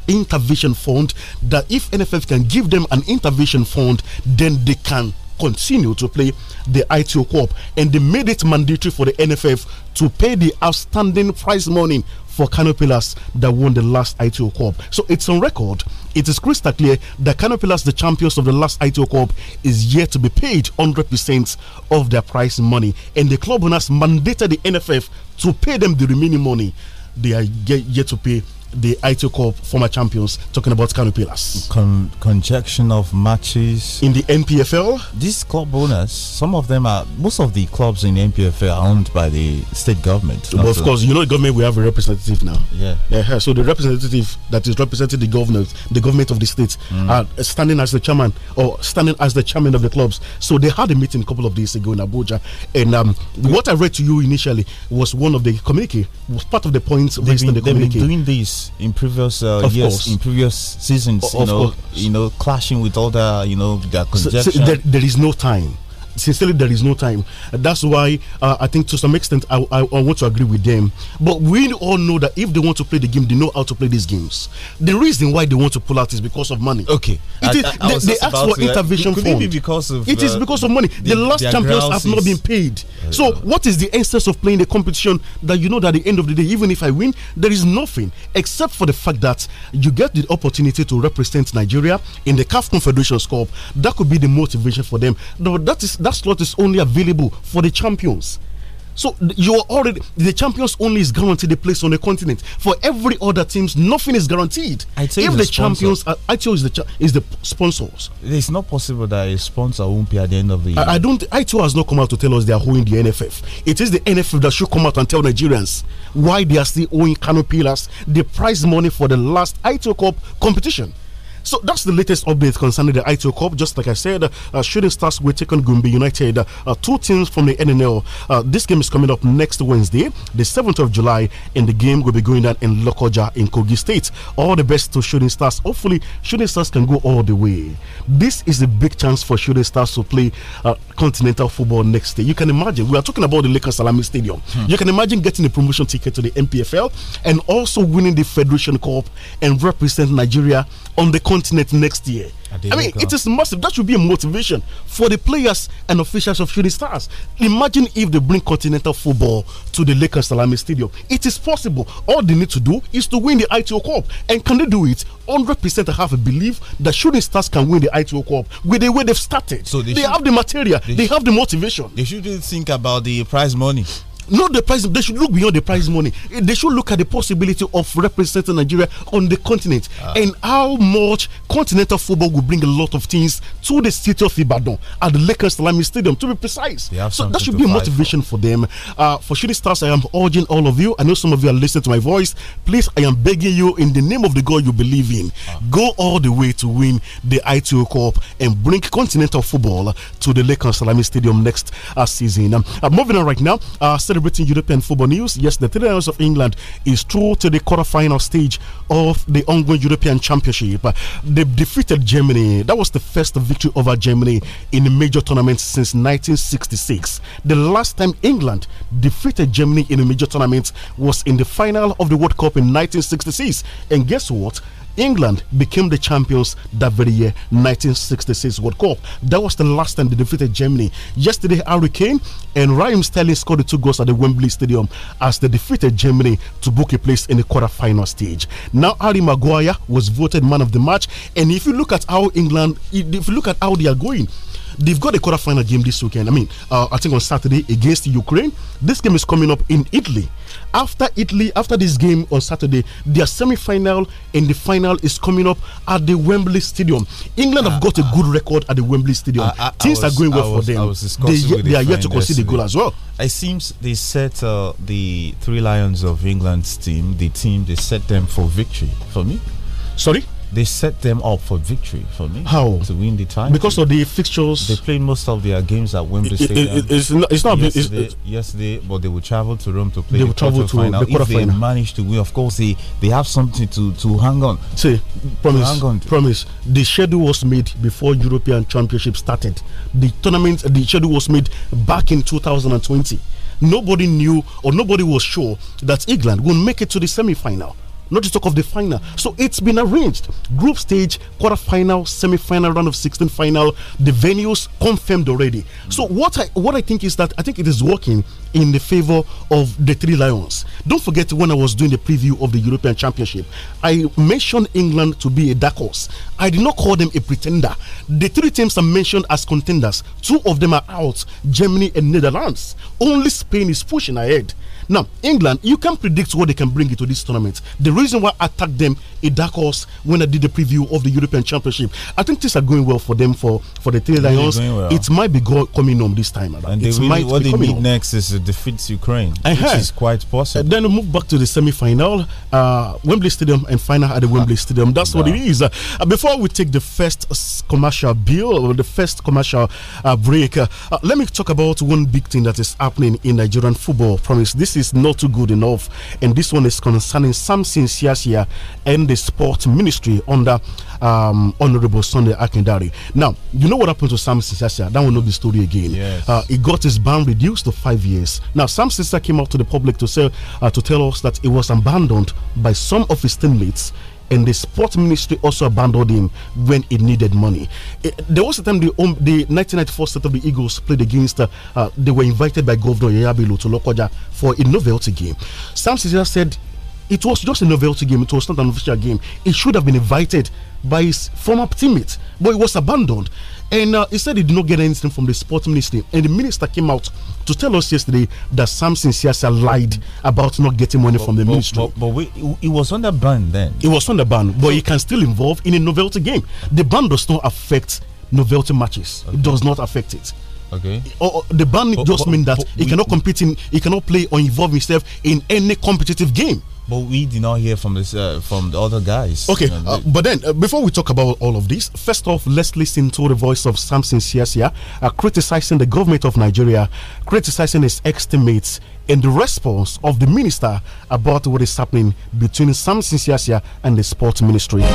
intervention fund that if NFF can give them an intervention fund, then they can continue to play the ITO Cup. And they made it mandatory for the NFF to pay the outstanding prize money for Canopilas that won the last ITO Cup. So it's on record. It is crystal clear that Canopilas, the champions of the last ITO Cup, is yet to be paid 100% of their prize money. And the club owners mandated the NFF to pay them the remaining money they are yet to pay the ITO Cup former champions, talking about Kanu Pillars. Con conjunction of matches. In the NPFL? These club owners, some of them are, most of the clubs in NPFL are owned by the state government. But of course, you know, government, we have a representative now. Yeah. yeah. Uh-huh. So the representative that is representing the government, the government of the state, mm. are standing as the chairman or standing as the chairman of the clubs. So they had a meeting a couple of days ago in Abuja. And um, what I read to you initially was one of the communique, was part of the points based on the communique. doing this in previous uh, of years course. in previous seasons o you know course. you know clashing with other you know their so, so there, there is no time sincerely, there is no time. That's why uh, I think to some extent I, I, I, want to agree with them. But we all know that if they want to play the game, they know how to play these games. The reason why they want to pull out is because of money. Okay, I, is, they, they ask for uh, intervention could It, be because of, it uh, is because of money. The, the last champions have not been paid. Uh, so uh, what is the essence of playing the competition that you know that at the end of the day, even if I win, there is nothing except for the fact that you get the opportunity to represent Nigeria in the CAF Confederation Scope. That could be the motivation for them. No, that is that that slot is only available for the champions. So you are already the champions only is guaranteed a place on the continent. For every other teams, nothing is guaranteed. if the, the champions, are, ITO is the is the sponsors. It's not possible that a sponsor won't pay at the end of the year. I, I don't. ITO has not come out to tell us they are owing the NFF. It is the NFF that should come out and tell Nigerians why they are still owing Canopilas the prize money for the last ITO Cup competition. So that's the latest update concerning the ITO Cup. Just like I said, uh, Shooting Stars will take on Gumbi United. Uh, two teams from the NNL. Uh, this game is coming up next Wednesday, the 7th of July, and the game will be going down in Lokoja in Kogi State. All the best to Shooting Stars. Hopefully, Shooting Stars can go all the way. This is a big chance for Shooting Stars to play uh, continental football next day. You can imagine, we are talking about the Lakers Salami Stadium. Hmm. You can imagine getting a promotion ticket to the MPFL and also winning the Federation Cup and represent Nigeria on the continent continent next year. I mean, it is massive. That should be a motivation for the players and officials of Shooting Stars. Imagine if they bring continental football to the Lakers Salami Stadium. It is possible. All they need to do is to win the ITO Cup. And can they do it? 100% I have a belief that Shooting Stars can win the ITO Cup with the way they've started. So they, they have the material, they, they have the motivation. They shouldn't think about the prize money. Not the prize. They should look beyond the prize money. They should look at the possibility of representing Nigeria on the continent ah. and how much continental football will bring a lot of things to the city of Ibadan at the Lakers Salami Stadium, to be precise. So that should be a motivation for, for them. Uh, for shooting stars, I am urging all of you. I know some of you are listening to my voice. Please, I am begging you in the name of the God you believe in, ah. go all the way to win the ITO Cup and bring continental football to the Lakers Salami Stadium next uh, season. Um, uh, moving on right now. Uh, celebrating European football news. Yes, the Three Lions of England is through to the quarterfinal stage of the ongoing European Championship. They defeated Germany. That was the first victory over Germany in a major tournament since 1966. The last time England defeated Germany in a major tournament was in the final of the World Cup in 1966. And guess what? England became the champions that very year, 1966 World Cup. That was the last time they defeated Germany. Yesterday, Harry Kane and Raheem Sterling scored the two goals at the Wembley Stadium as they defeated Germany to book a place in the quarter-final stage. Now, Harry Maguire was voted man of the match, and if you look at how England, if you look at how they are going They've got a quarterfinal game this weekend. I mean, uh, I think on Saturday against Ukraine. This game is coming up in Italy. After Italy, after this game on Saturday, their semi-final and the final is coming up at the Wembley Stadium. England uh, have got uh, a good record at the Wembley Stadium. Things was, are going well was, for them. They, they are yet to concede the goal as well. It seems they set uh, the three lions of England's team, the team they set them for victory. For me, sorry they set them up for victory for me. How to win the time because of the fixtures? They played most of their games at Wembley it, Stadium. It, it's not. It's not. Yesterday, it's, yesterday, but they will travel to Rome to play. They will the travel to final. the quarterfinal. If they final. manage to win, of course, they they have something to to hang on. See, promise. Hang on to. Promise. The schedule was made before European Championship started. The tournament. The schedule was made back in 2020. Nobody knew or nobody was sure that England would make it to the semi-final not to talk of the final. So it's been arranged. Group stage, quarter final, semi-final, round of 16 final. The venues confirmed already. So what I what I think is that I think it is working in the favor of the three lions. Don't forget when I was doing the preview of the European Championship, I mentioned England to be a dark horse. I did not call them a pretender. The three teams are mentioned as contenders. Two of them are out: Germany and Netherlands. Only Spain is pushing ahead. Now, England, you can predict what they can bring into this tournament. The reason why I attacked them a dark horse when I did the preview of the European Championship, I think things are going well for them for, for the Three Lions. well. It might be coming home this time. And it really, might what they need home. next is to defeat Ukraine, uh -huh. which is quite possible. Uh, then we move back to the semi final, uh, Wembley Stadium, and final at the Wembley ah. Stadium. That's what it is. Uh, before we take the first commercial bill, or the first commercial uh, break, uh, let me talk about one big thing that is happening in Nigerian football. promise this is not good enough. And this one is concerning Samson Siasia and the Sport Ministry under um, Honorable Sunday Akindari. Now, you know what happened to Samson Siasia? That will not be story again. Yes. Uh, he got his ban reduced to five years. Now, Samson Siasia came out to the public to, say, uh, to tell us that he was abandoned by some of his teammates and the sports ministry also abandoned him when he needed money. It, eh, there was a time the, um, the 1994 set of the Eagles played against, uh, uh, they were invited by Governor Yabilu to Lokoja for a novelty game. Sam Cicera said it was just a novelty game. It was not an official game. It should have been invited by his former teammate, but it was abandoned. And uh, he said he did not get anything from the sports ministry. And the minister came out to tell us yesterday that Samson Siasa lied about not getting money but, from the but, ministry. But, but it was under ban then. It was under ban, but he can still involve in a novelty game. The ban does not affect novelty matches. Okay. It does not affect it. Okay. Or the ban but, just means that he cannot compete in, he cannot play or involve himself in any competitive game. But we did not hear from this uh, from the other guys. Okay, you know, uh, but then uh, before we talk about all of this, first off, let's listen to the voice of Samson Siasia uh, criticizing the government of Nigeria, criticizing his ex-teammates, and the response of the minister about what is happening between Samson Siasia and the sports ministry. I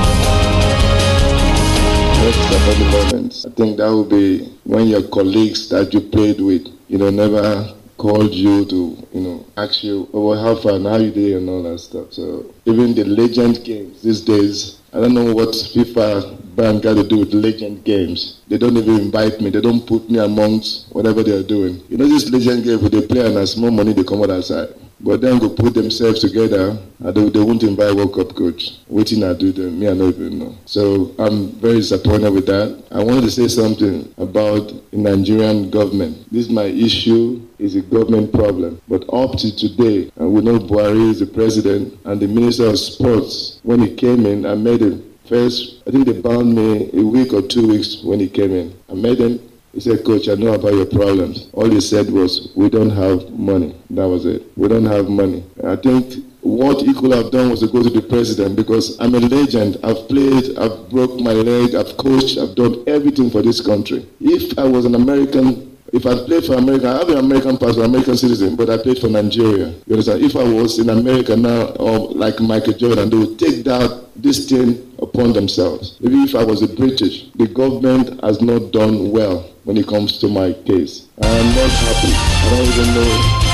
think that will be when your colleagues that you played with, you know, never called you to, you know, ask you, oh, how far, and how you doing, and all that stuff. So even the legend games these days, I don't know what FIFA band got to do with legend games. They don't even invite me. They don't put me amongst whatever they are doing. You know, this legend game, where they play and as more money, they come out outside. But then they put themselves together and they, they won't invite World Cup coach. Waiting I do them, me I don't even know. So I'm very disappointed with that. I wanted to say something about the Nigerian government. This is my issue is a government problem. But up to today, and we know Buhari is the president and the Minister of Sports, when he came in, I made him first, I think they bound me a week or two weeks when he came in. I made him he said, Coach, I know about your problems. All he said was, We don't have money. That was it. We don't have money. I think what he could have done was to go to the president because I'm a legend. I've played, I've broke my leg, I've coached, I've done everything for this country. If I was an American if I played for America, I have an American passport, American citizen, but I played for Nigeria. You understand? If I was in America now, or like Michael Jordan, they would take that this thing upon themselves. Maybe if I was a British, the government has not done well when it comes to my case. I am not happy. I don't even know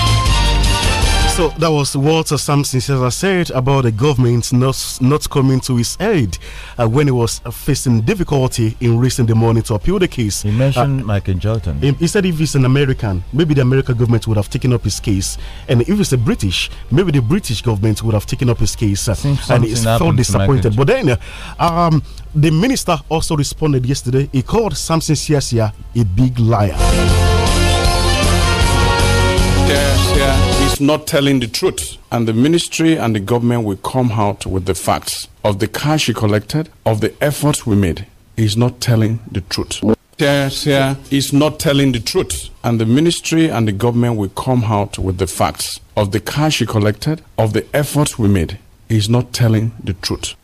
so that was Walter Sampson as said about the government not not coming to his aid uh, when he was uh, facing difficulty in raising the money to appeal the case. He mentioned uh, Michael Jordan. He, he said if he's an American, maybe the American government would have taken up his case, and if it's a British, maybe the British government would have taken up his case. and he felt disappointed. But then, um, the minister also responded yesterday. He called Samson Siasia a big liar. is not telling the truth. And the ministry and the government will come out with the facts of the cash he collected, of the efforts we made. He's not telling the truth. is not telling the truth. And the ministry and the government will come out with the facts of the cash he collected, of the efforts we made. He's not telling the truth.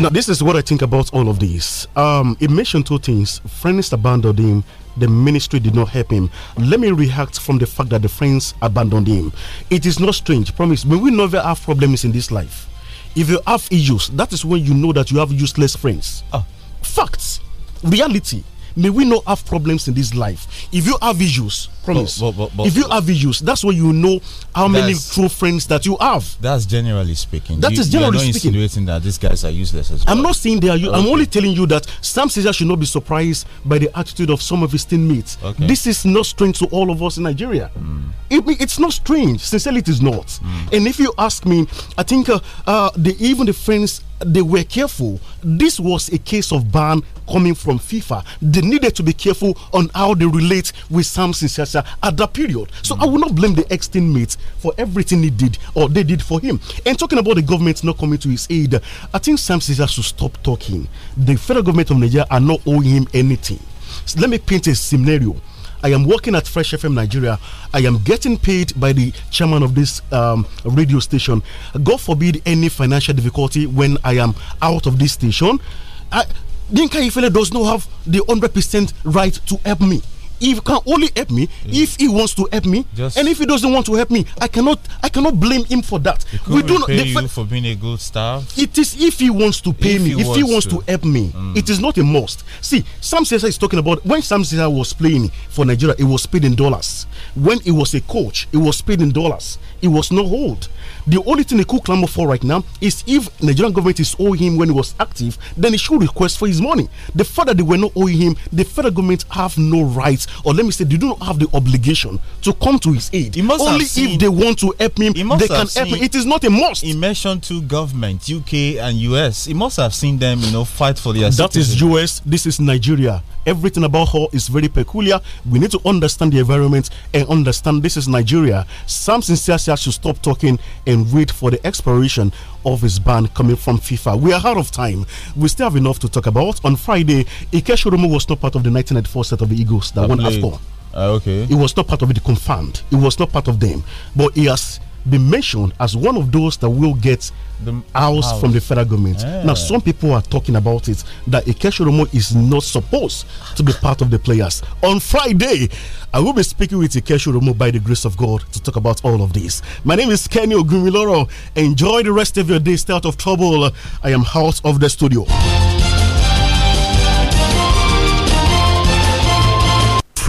Now, this is what I think about all of this. Um, it mentioned two things. Friends abandoned him. The ministry did not help him. Let me react from the fact that the friends abandoned him. It is not strange. Promise. When we never have problems in this life, if you have issues, that is when you know that you have useless friends. Uh. Facts, reality may we not have problems in this life. If you have issues, promise. But, but, but, if you have issues, that's when you know how many true friends that you have. That's generally speaking. That you, is generally you are not speaking. insinuating that these guys are useless as well. I'm not saying they are. Okay. I'm only telling you that Sam Caesar should not be surprised by the attitude of some of his teammates. Okay. This is not strange to all of us in Nigeria. Mm. It, it's not strange. Sincerely, it is not. Mm. And if you ask me, I think uh, uh, the, even the friends they were careful. This was a case of ban coming from FIFA. They needed to be careful on how they relate with Samson Sasa at that period. So mm. I will not blame the ex teammate for everything he did or they did for him. And talking about the government not coming to his aid, I think Samson Sasa should stop talking. The federal government of Nigeria are not owing him anything. So let me paint a scenario I am working at Fresh FM Nigeria. I am getting paid by the chairman of this um, radio station. God forbid any financial difficulty when I am out of this station. I, Dinka Ifele does not have the 100% right to help me. He can only help me yeah. Mm. if he wants to help me, Just and if he doesn't want to help me, I cannot. I cannot blame him for that. We do not. Pay you for being a good staff. It is if he wants to pay if me, he if he wants to, to help me, mm. it is not a must. See, Sam Cesar is talking about when Sam Cesar was playing for Nigeria, it was paid in dollars. When he was a coach, it was paid in dollars it was no hold. The only thing he could clamor for right now is if Nigerian government is owing him when he was active, then he should request for his money. The fact that they were not owing him, the federal government have no rights, or let me say, they do not have the obligation to come to his aid. Only seen, if they want to help him, they can help him. It is not a must. He mentioned two governments, UK and US. He must have seen them, you know, fight for their. That citizens. is US. This is Nigeria. Everything about her is very peculiar. We need to understand the environment and understand this is Nigeria. Samson Siasia should stop talking and wait for the expiration of his ban coming from FIFA. We are out of time. We still have enough to talk about. On Friday, Ikeshurumu was not part of the 1994 set of the Eagles that won AFCON. Uh, ah, okay. It was not part of it confirmed. It was not part of them. But he has be mentioned as one of those that will get the house, house. from the federal government. Yeah. Now, some people are talking about it that Ikechoromo is not supposed to be part of the players. On Friday, I will be speaking with Ikechoromo by the grace of God to talk about all of this. My name is Kenny Ogumiloro. Enjoy the rest of your day. Stay out of trouble. I am out of the studio.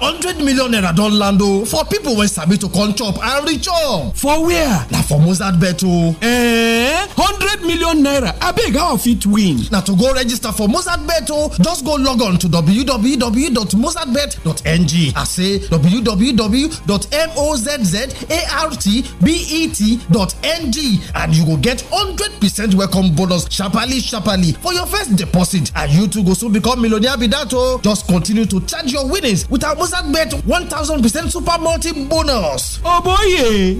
hundred million naira don land o for people wey sabi to come chop and reach up. for where? na for mozart bet o. Eh, hundred million naira abeg how i fit win? na to go register for mozart bet o just go log on to www.mozartbet.ng as say www.mozzartbet.ng and you go get hundred percent welcome bonus sharparly sharparly for your first deposit and you too go soon become millionaire be that o. just continue to charge your winnings with our mozart concert bet 1000% super multi bonus. oh boy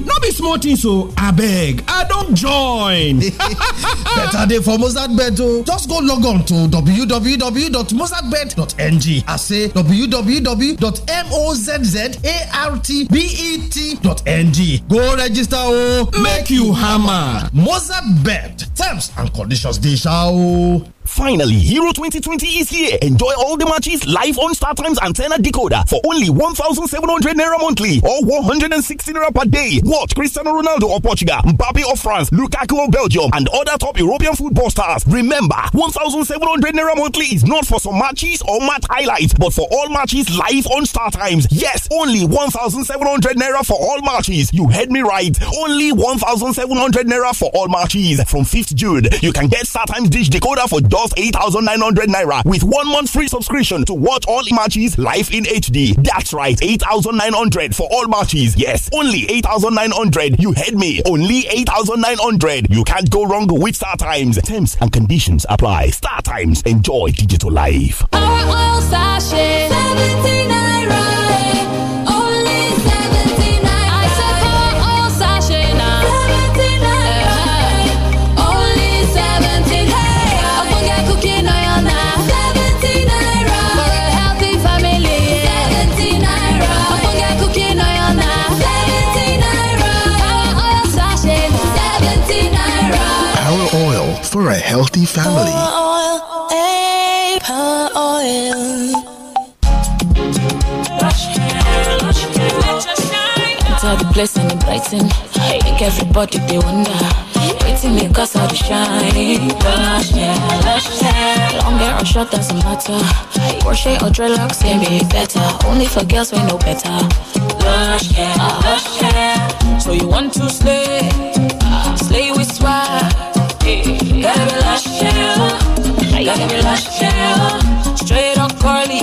no be small so oh. I beg, i don't join. better day for mozart bet o oh. just go log on to www.mozartbet.ng I say www.mozzartbet.ng go register oh! make you hammer mozart bet terms and conditions dey oh. Finally, Hero 2020 is here. Enjoy all the matches live on StarTimes antenna decoder for only 1,700 naira monthly or 160 naira per day. Watch Cristiano Ronaldo of Portugal, Mbappe of France, Lukaku of Belgium, and other top European football stars. Remember, 1,700 naira monthly is not for some matches or match highlights, but for all matches live on Star Times. Yes, only 1,700 naira for all matches. You heard me right. Only 1,700 naira for all matches. From 5th June, you can get Star Times Dish Decoder for just 8,900 naira with one month free subscription to watch all matches live in HD. That's right, 8,900 for all matches. Yes, only 8,900. You heard me. Only 8,900. You can't go wrong with Star Times. Terms and conditions apply. Star Times. Enjoy digital life. healthy family. Oil, oil, the place and Make everybody wonder. Waiting me cause all the shine. Lush hair, lush hair. Long hair or short doesn't matter. Crochet or dreadlocks can be better. Only for girls we know better. Lush hair, lush hair. So you want to slay? Uh, slay with swag. Gotta be lush, Gotta be lush, Straight up curly.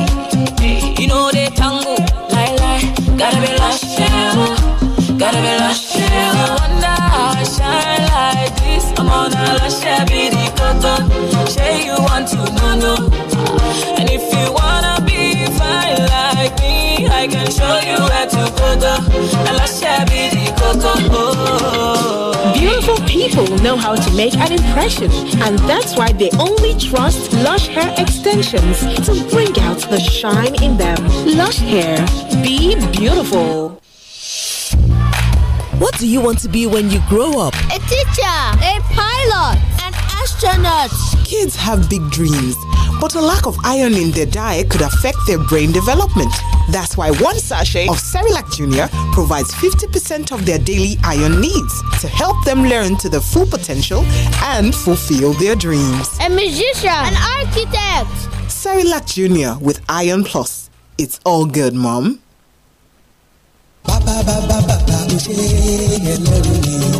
You know they tango. Gotta be lush, Gotta be lush, yeah. wonder how I shine like this. I'm on a I Say you want to know, And if you wanna be fine like me, I can show you where to go, though. A lush, I be the cotton, People know how to make an impression, and that's why they only trust Lush Hair Extensions to bring out the shine in them. Lush Hair, be beautiful. What do you want to be when you grow up? A teacher, a pilot Kids have big dreams, but a lack of iron in their diet could affect their brain development. That's why one sachet of Cerilac Junior provides 50% of their daily iron needs to help them learn to their full potential and fulfill their dreams. A musician, an architect. Cerilac Junior with Iron Plus. It's all good, Mom.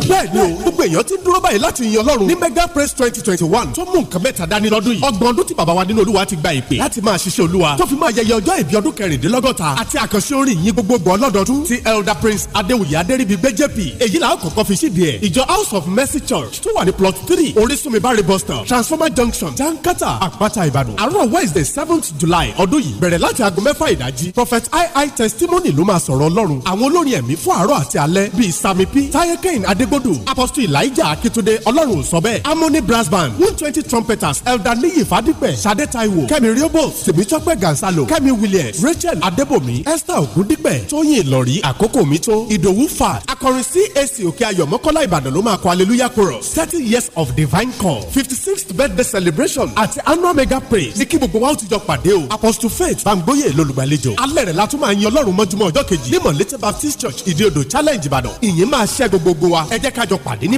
bẹ́ẹ̀ni o gbogbo èèyàn ti ń dúró báyìí láti yan Ọlọ́run ní mega praise twenty twenty one tó mú nǹkan mẹ́ta dání lọ́dún yìí ọgbọ̀n ọdún tí bàbá wa nínú Olúwa ti gba ìpè láti máa ṣiṣẹ́ Olúwa tó fi máa yẹyẹ ọjọ́ ìbí ọdún kẹrìndínlọ́gọ́ta àti àkànṣe orin yìí gbogbogbò ọlọ́dọọdún ti elder prince Adéwòye Adéríbigbé JP èyí làwọn kọ̀ọ̀kan fi síbi ẹ̀ ìjọ house of mercy church tó wà ní plot three orísunmi bari bus stop transformer junction jankata àpáta Ìbàdàn àárọ̀ Wednesday seventh July ọdún yìí bẹ̀rẹ̀ láti aago mẹ́fà ìdájí prophet ii testimony ló máa sọ̀rọ̀ Ọlọ́run àwọn olórin ẹ̀mí fún àárọ̀ àti alẹ́ bíi sami p tayekein adégbodò apostle elijah akitunde ọlọ́run sọ bẹ́ẹ̀ harmony brass band one twenty trumpeters elder niyi fadipe sade taiwo kẹ́mi riobo tèmítọ́pẹ́ gansalo kẹ́mi williams rachel adebomi esther ogundipe tóyìn ìlọrí àkókò mi tó ìdòwú fà akọrin cac òkè ayọ̀ mọ́kọ́lá ìbàdàn ló máa kọ hallelujah chorus thirty years of divine call fifty sixth birthday celebration àti annual mega praise ní kí gbogbo wa ó ti jọ pàdé o apostle faith bangboye lolùgbàlejò alẹ́ rẹ̀ la tún máa yan ọlọ́run mọ́júmọ́ ọjọ́ kejì ní baptist church ìdíodò challenge ìbàdàn ìyẹn máa ṣẹ́ gbogbogbò ní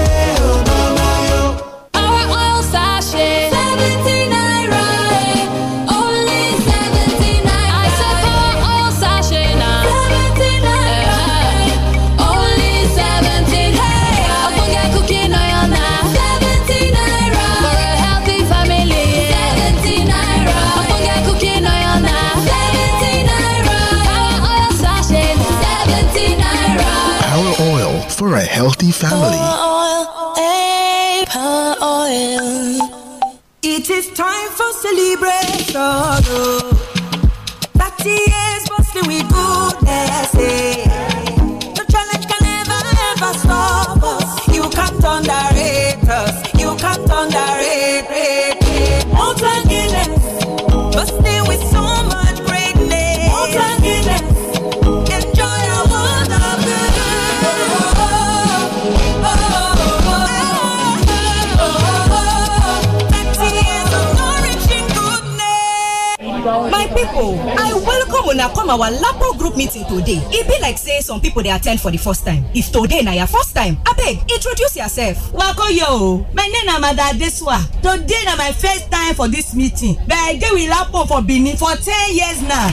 for a healthy family. Oil, oil, it is time for celebration. Oh. una come our lapo group meeting today e be like say some people they attend for the first time if today na your first time I beg introduce yourself. Wako yo. my name is madam adesuwa today na my first time for this meeting but i dey with lapo for benin for ten years now.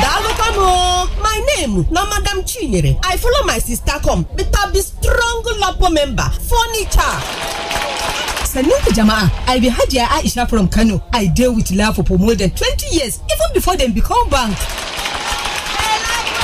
daalụkwanụ my name na madam chinyere i follow my sister come beta be strong lapo member furniture. I've jama'a i be aisha from kano i deal with love for more than twenty years even before they become bank.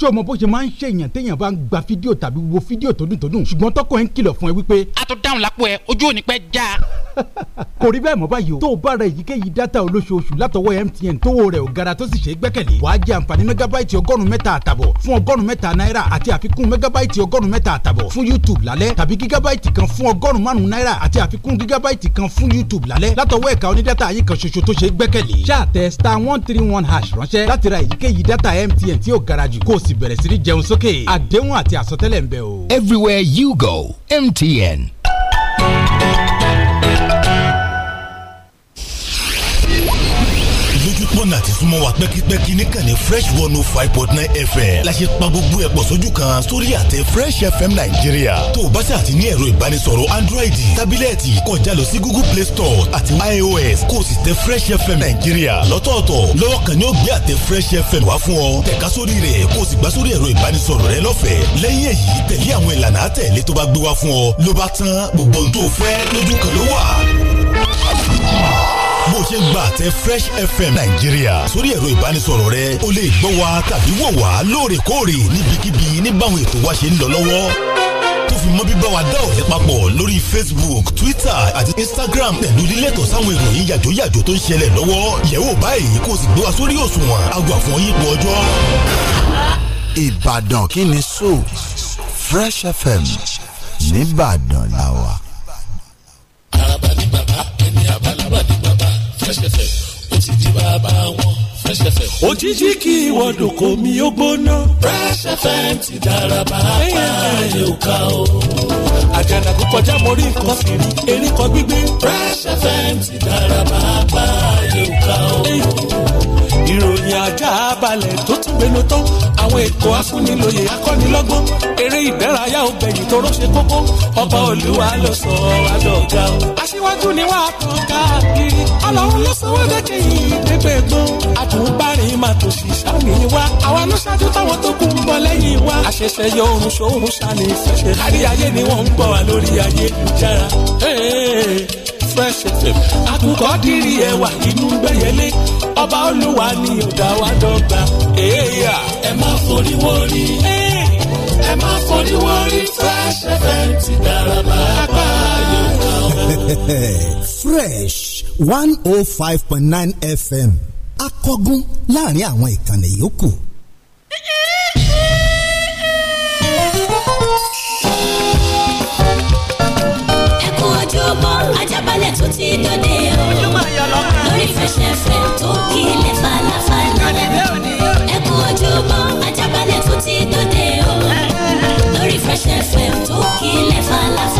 ṣé o mọ bó ṣe máa ń ṣe èèyàn téèyàn bá ń gba fídíò tàbí wo fídíò tó dùn tó dùn ṣùgbọ́n tọkọ ẹ̀ ń kìlọ̀ fún ẹ wípé. a tó dáhùn lápò ẹ ojú ò ní pẹ́ já. kò rí bẹ́ẹ̀ mọ́ báyìí o tó o bá ra èyíkéyìí dátà olóṣooṣù látọwọ́ MTN tówó rẹ̀ ò gara tó sì ṣe é gbẹ́kẹ̀lé wàá jẹ àǹfààní mẹ́gábáìtì ọgọ́rùn-ún mẹ́ta àtàbọ̀ fún ọgọ́rùn-ún mẹ́ta náírà àti àfikún mẹ́gábáìtì ọgọ́rùn-ún mẹ́ta àtàbọ̀ fún YouTube lálẹ́ tàbí gígábáìtì kan fún ọgọ́rùn-ún márùn-ún náírà àti àfikún gígábáìtì kan fún YouTube lálẹ́ látọwọ́ ẹ̀ka onídàtà ayé kan ṣoṣo tó ṣe é gbẹ́kẹ̀lé ṣáà one three one hash ránṣẹ́ láti ra èyíkéyìí dátà MTN tí ò ti bẹ̀rẹ̀ sí ní jẹun sókè àdéhùn àti àsọtẹ́lẹ̀ ń bẹ o. everywhere you go mtn lọ́nà àti súnmọ́ wa pẹ́kípẹ́kí níkànnì fresh one oh five point nine fm la ṣe pa gbogbo ẹ̀ pọ̀ sójú kan sórí àtẹ fresh fm nàìjíríà tó o bá ṣe àti ní ẹ̀rọ ìbánisọ̀rọ̀ android tábílẹ̀tì kọjá lọ sí google play store àti ios kó o sì tẹ fresh fm nàìjíríà lọ́tọ̀ọ̀tọ̀ lọ́wọ́ kan ni ó gbé àtẹ fresh fm wá fún ọ tẹ̀ka sórí rẹ̀ kó o sì gbà sórí ẹ̀rọ ìbánisọ̀rọ̀ rẹ lọ́fẹ̀ẹ́ lẹ́yìn èyí tẹ̀lé àwọn ìlànà àtẹ̀lé tó bá gbé wá fún bó ṣe ń gba àtẹ Fresh FM Nàìjíríà sórí ẹ̀rọ ìbánisọ̀rọ̀ rẹ o lè gbọ́ wa tàbí wò wá lóòrèkóòrè níbikíbi níbàwọn ètò wa ṣe ń lọ lọ́wọ́ tó fi mọ́ bíbá wa dá ọ̀rẹ́ papọ̀ lórí Facebook Twitter àti Instagram pẹ̀lú lílẹ̀tọ̀ sáwọn ìròyìn yàjóyàjó tó ń ṣẹlẹ̀ lọ́wọ́ yẹ̀wò báyìí kó o sì gbé wa sórí òṣùwọ̀n àgbà fún yípo ọjọ́. Ìbàdàn kí ni so Fresh FM nìbàdàn làwà. àràbà bàbá ẹni abala. Fresh FM ó ti di wọn Fresh FM. òjijì kí ìwọ́dọ̀ kò mí ó gbóná. Fresh FM ti dára pàápàá yóò ká o. àjànà kó kọjá mo rí nǹkan fìrí erékọ gbígbé. Fresh FM ti dára pàápàá yóò ká o ìròyìn ajá balẹ̀ tó tún gbénu tán àwọn ètò afúnilòyè akọ́nilọ́gbọ́n eré ìdárayá obìnrin tó rọ́ṣẹ́ kókó ọba olúwa ló sọ adọ́gà o. aṣíwájú ni wàá kàn káàkiri ọlọ́run ló sọ wọ́n dẹ́kẹ́ yìí pépè gbọ́n àtúbárìn máa tò sí sáni wa àwa ló ṣáájú táwọn tó kù ń bọ̀ lẹ́yìn wa. àṣẹ̀ṣẹ̀ yọ oorun ṣòorun ṣàní ìfẹsẹ̀ kárí ni wọ́n ń gbọ́ wa lórí ayélujára fresh fm àkùkọ dìrì ẹwà inú gbẹyẹlé ọba olúwa ni ọ̀dà wa dọ́gba. ẹ má forí wọrí ẹ má forí wọrí fresh fm ti dára pàápàá yóò kàn. fresh one oh five point nine fm akọgun láàrin àwọn ìkànnì yòókù. ẹ kú ojúbọ ajá balẹ̀ tó ti dòde o. lórí fẹsẹ̀fẹ̀ tó kílẹ̀ falafala. ẹ kú ojúmọ́ ajá balẹ̀ tó ti dòde o. lórí fẹsẹ̀fẹ̀ tó kílẹ̀ falafala.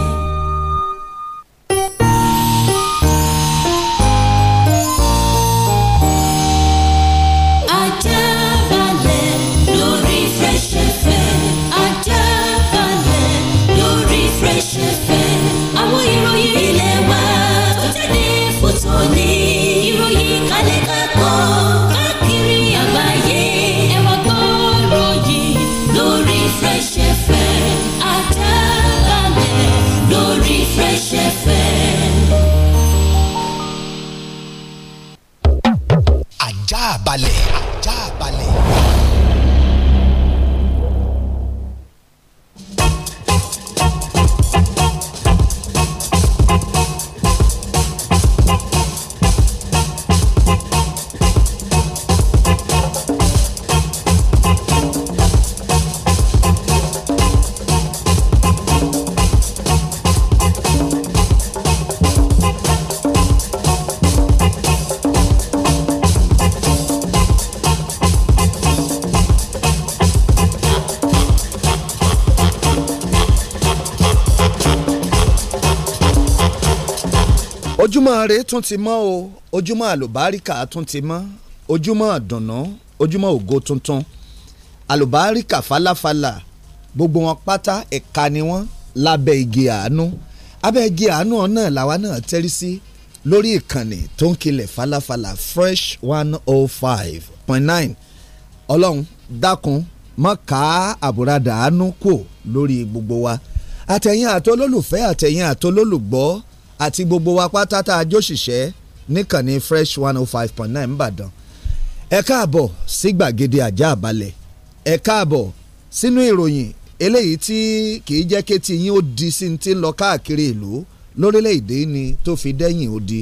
tún ti mọ́ o ojúmọ́ àlùbáríkà tún ti mọ́ ojúmọ́ àdùnnú ojúmọ́ ògo tuntun àlùbáríkà falafala gbogbo wọn pátá ẹ̀ka ni wọ́n lábẹ́ igi àánú abẹ́ igi àánú náà làwa náà tẹ́rí sí lórí ìkànnì tó ń kilẹ̀ falafala fresh one oh five point nine ọlọ́run dákun má ká àbúradà àánú kò lórí gbogbo wa àtẹ̀yìn àtolólùfẹ́ àtẹ̀yìn àtolólùgbọ́ àti gbogbo wa pátátá ajóṣìṣẹ́ níkànnì fresh one oh five point nine nìbàdàn ẹ káàbọ̀ sí gbàgede àjà àbálẹ̀ ẹ káàbọ̀ sínú ìròyìn eléyìí tí kìí jẹ́ kétí yín ó di sí ti ń lọ káàkiri ìlú lórílẹ̀‐èdè ni tó fi dẹ́yìn ó di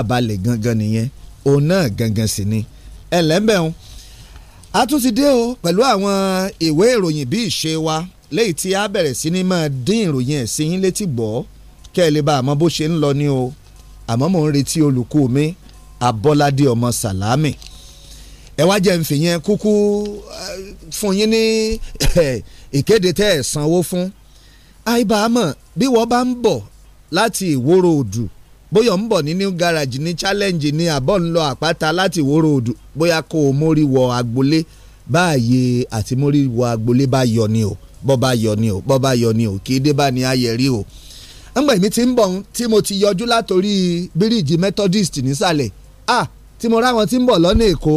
àbálẹ̀ gangan nìyẹn òun náà gangan sì ni ẹ a tún ti dé o pẹ̀lú àwọn ìwé ìròyìn bí ìṣe wa léyìí tí a bẹ̀rẹ̀ sí ni máa dín ìròyìn ẹ̀ sí yín létí gbọ́ kẹ́ ẹ lè bá àmọ́ bó ṣe ń lọ ní o àmọ́ mò ń retí olùkọ́ mi abọ́ládé ọmọ sàlámì ẹ wá jẹ́ ń fi yẹn kúkú fún yín ní ìkéde tẹ́ ẹ̀ sanwó fún àìbámọ̀ bí wọ́n bá ń bọ̀ láti ìwòrò òdù bóyá ń bọ̀ ní new garage ní challenge ní àbọ̀ ń lọ àpáta láti ìwòrò òdù bóyá kó o mórí wọ agbolé báàyè àti mórí wọ agbolé bá yọ ni o bọ́ bá yọ ni o bọ́ bá yọ ni o kì í dé bá ní ayẹ̀ o ńgbà èmi ti ń bọ̀ tí mo ti yọjú látòrí bíríìjì Methodist nísàlẹ̀ ah tí mo ráwọn tí ń bọ̀ lọ́nà Èkó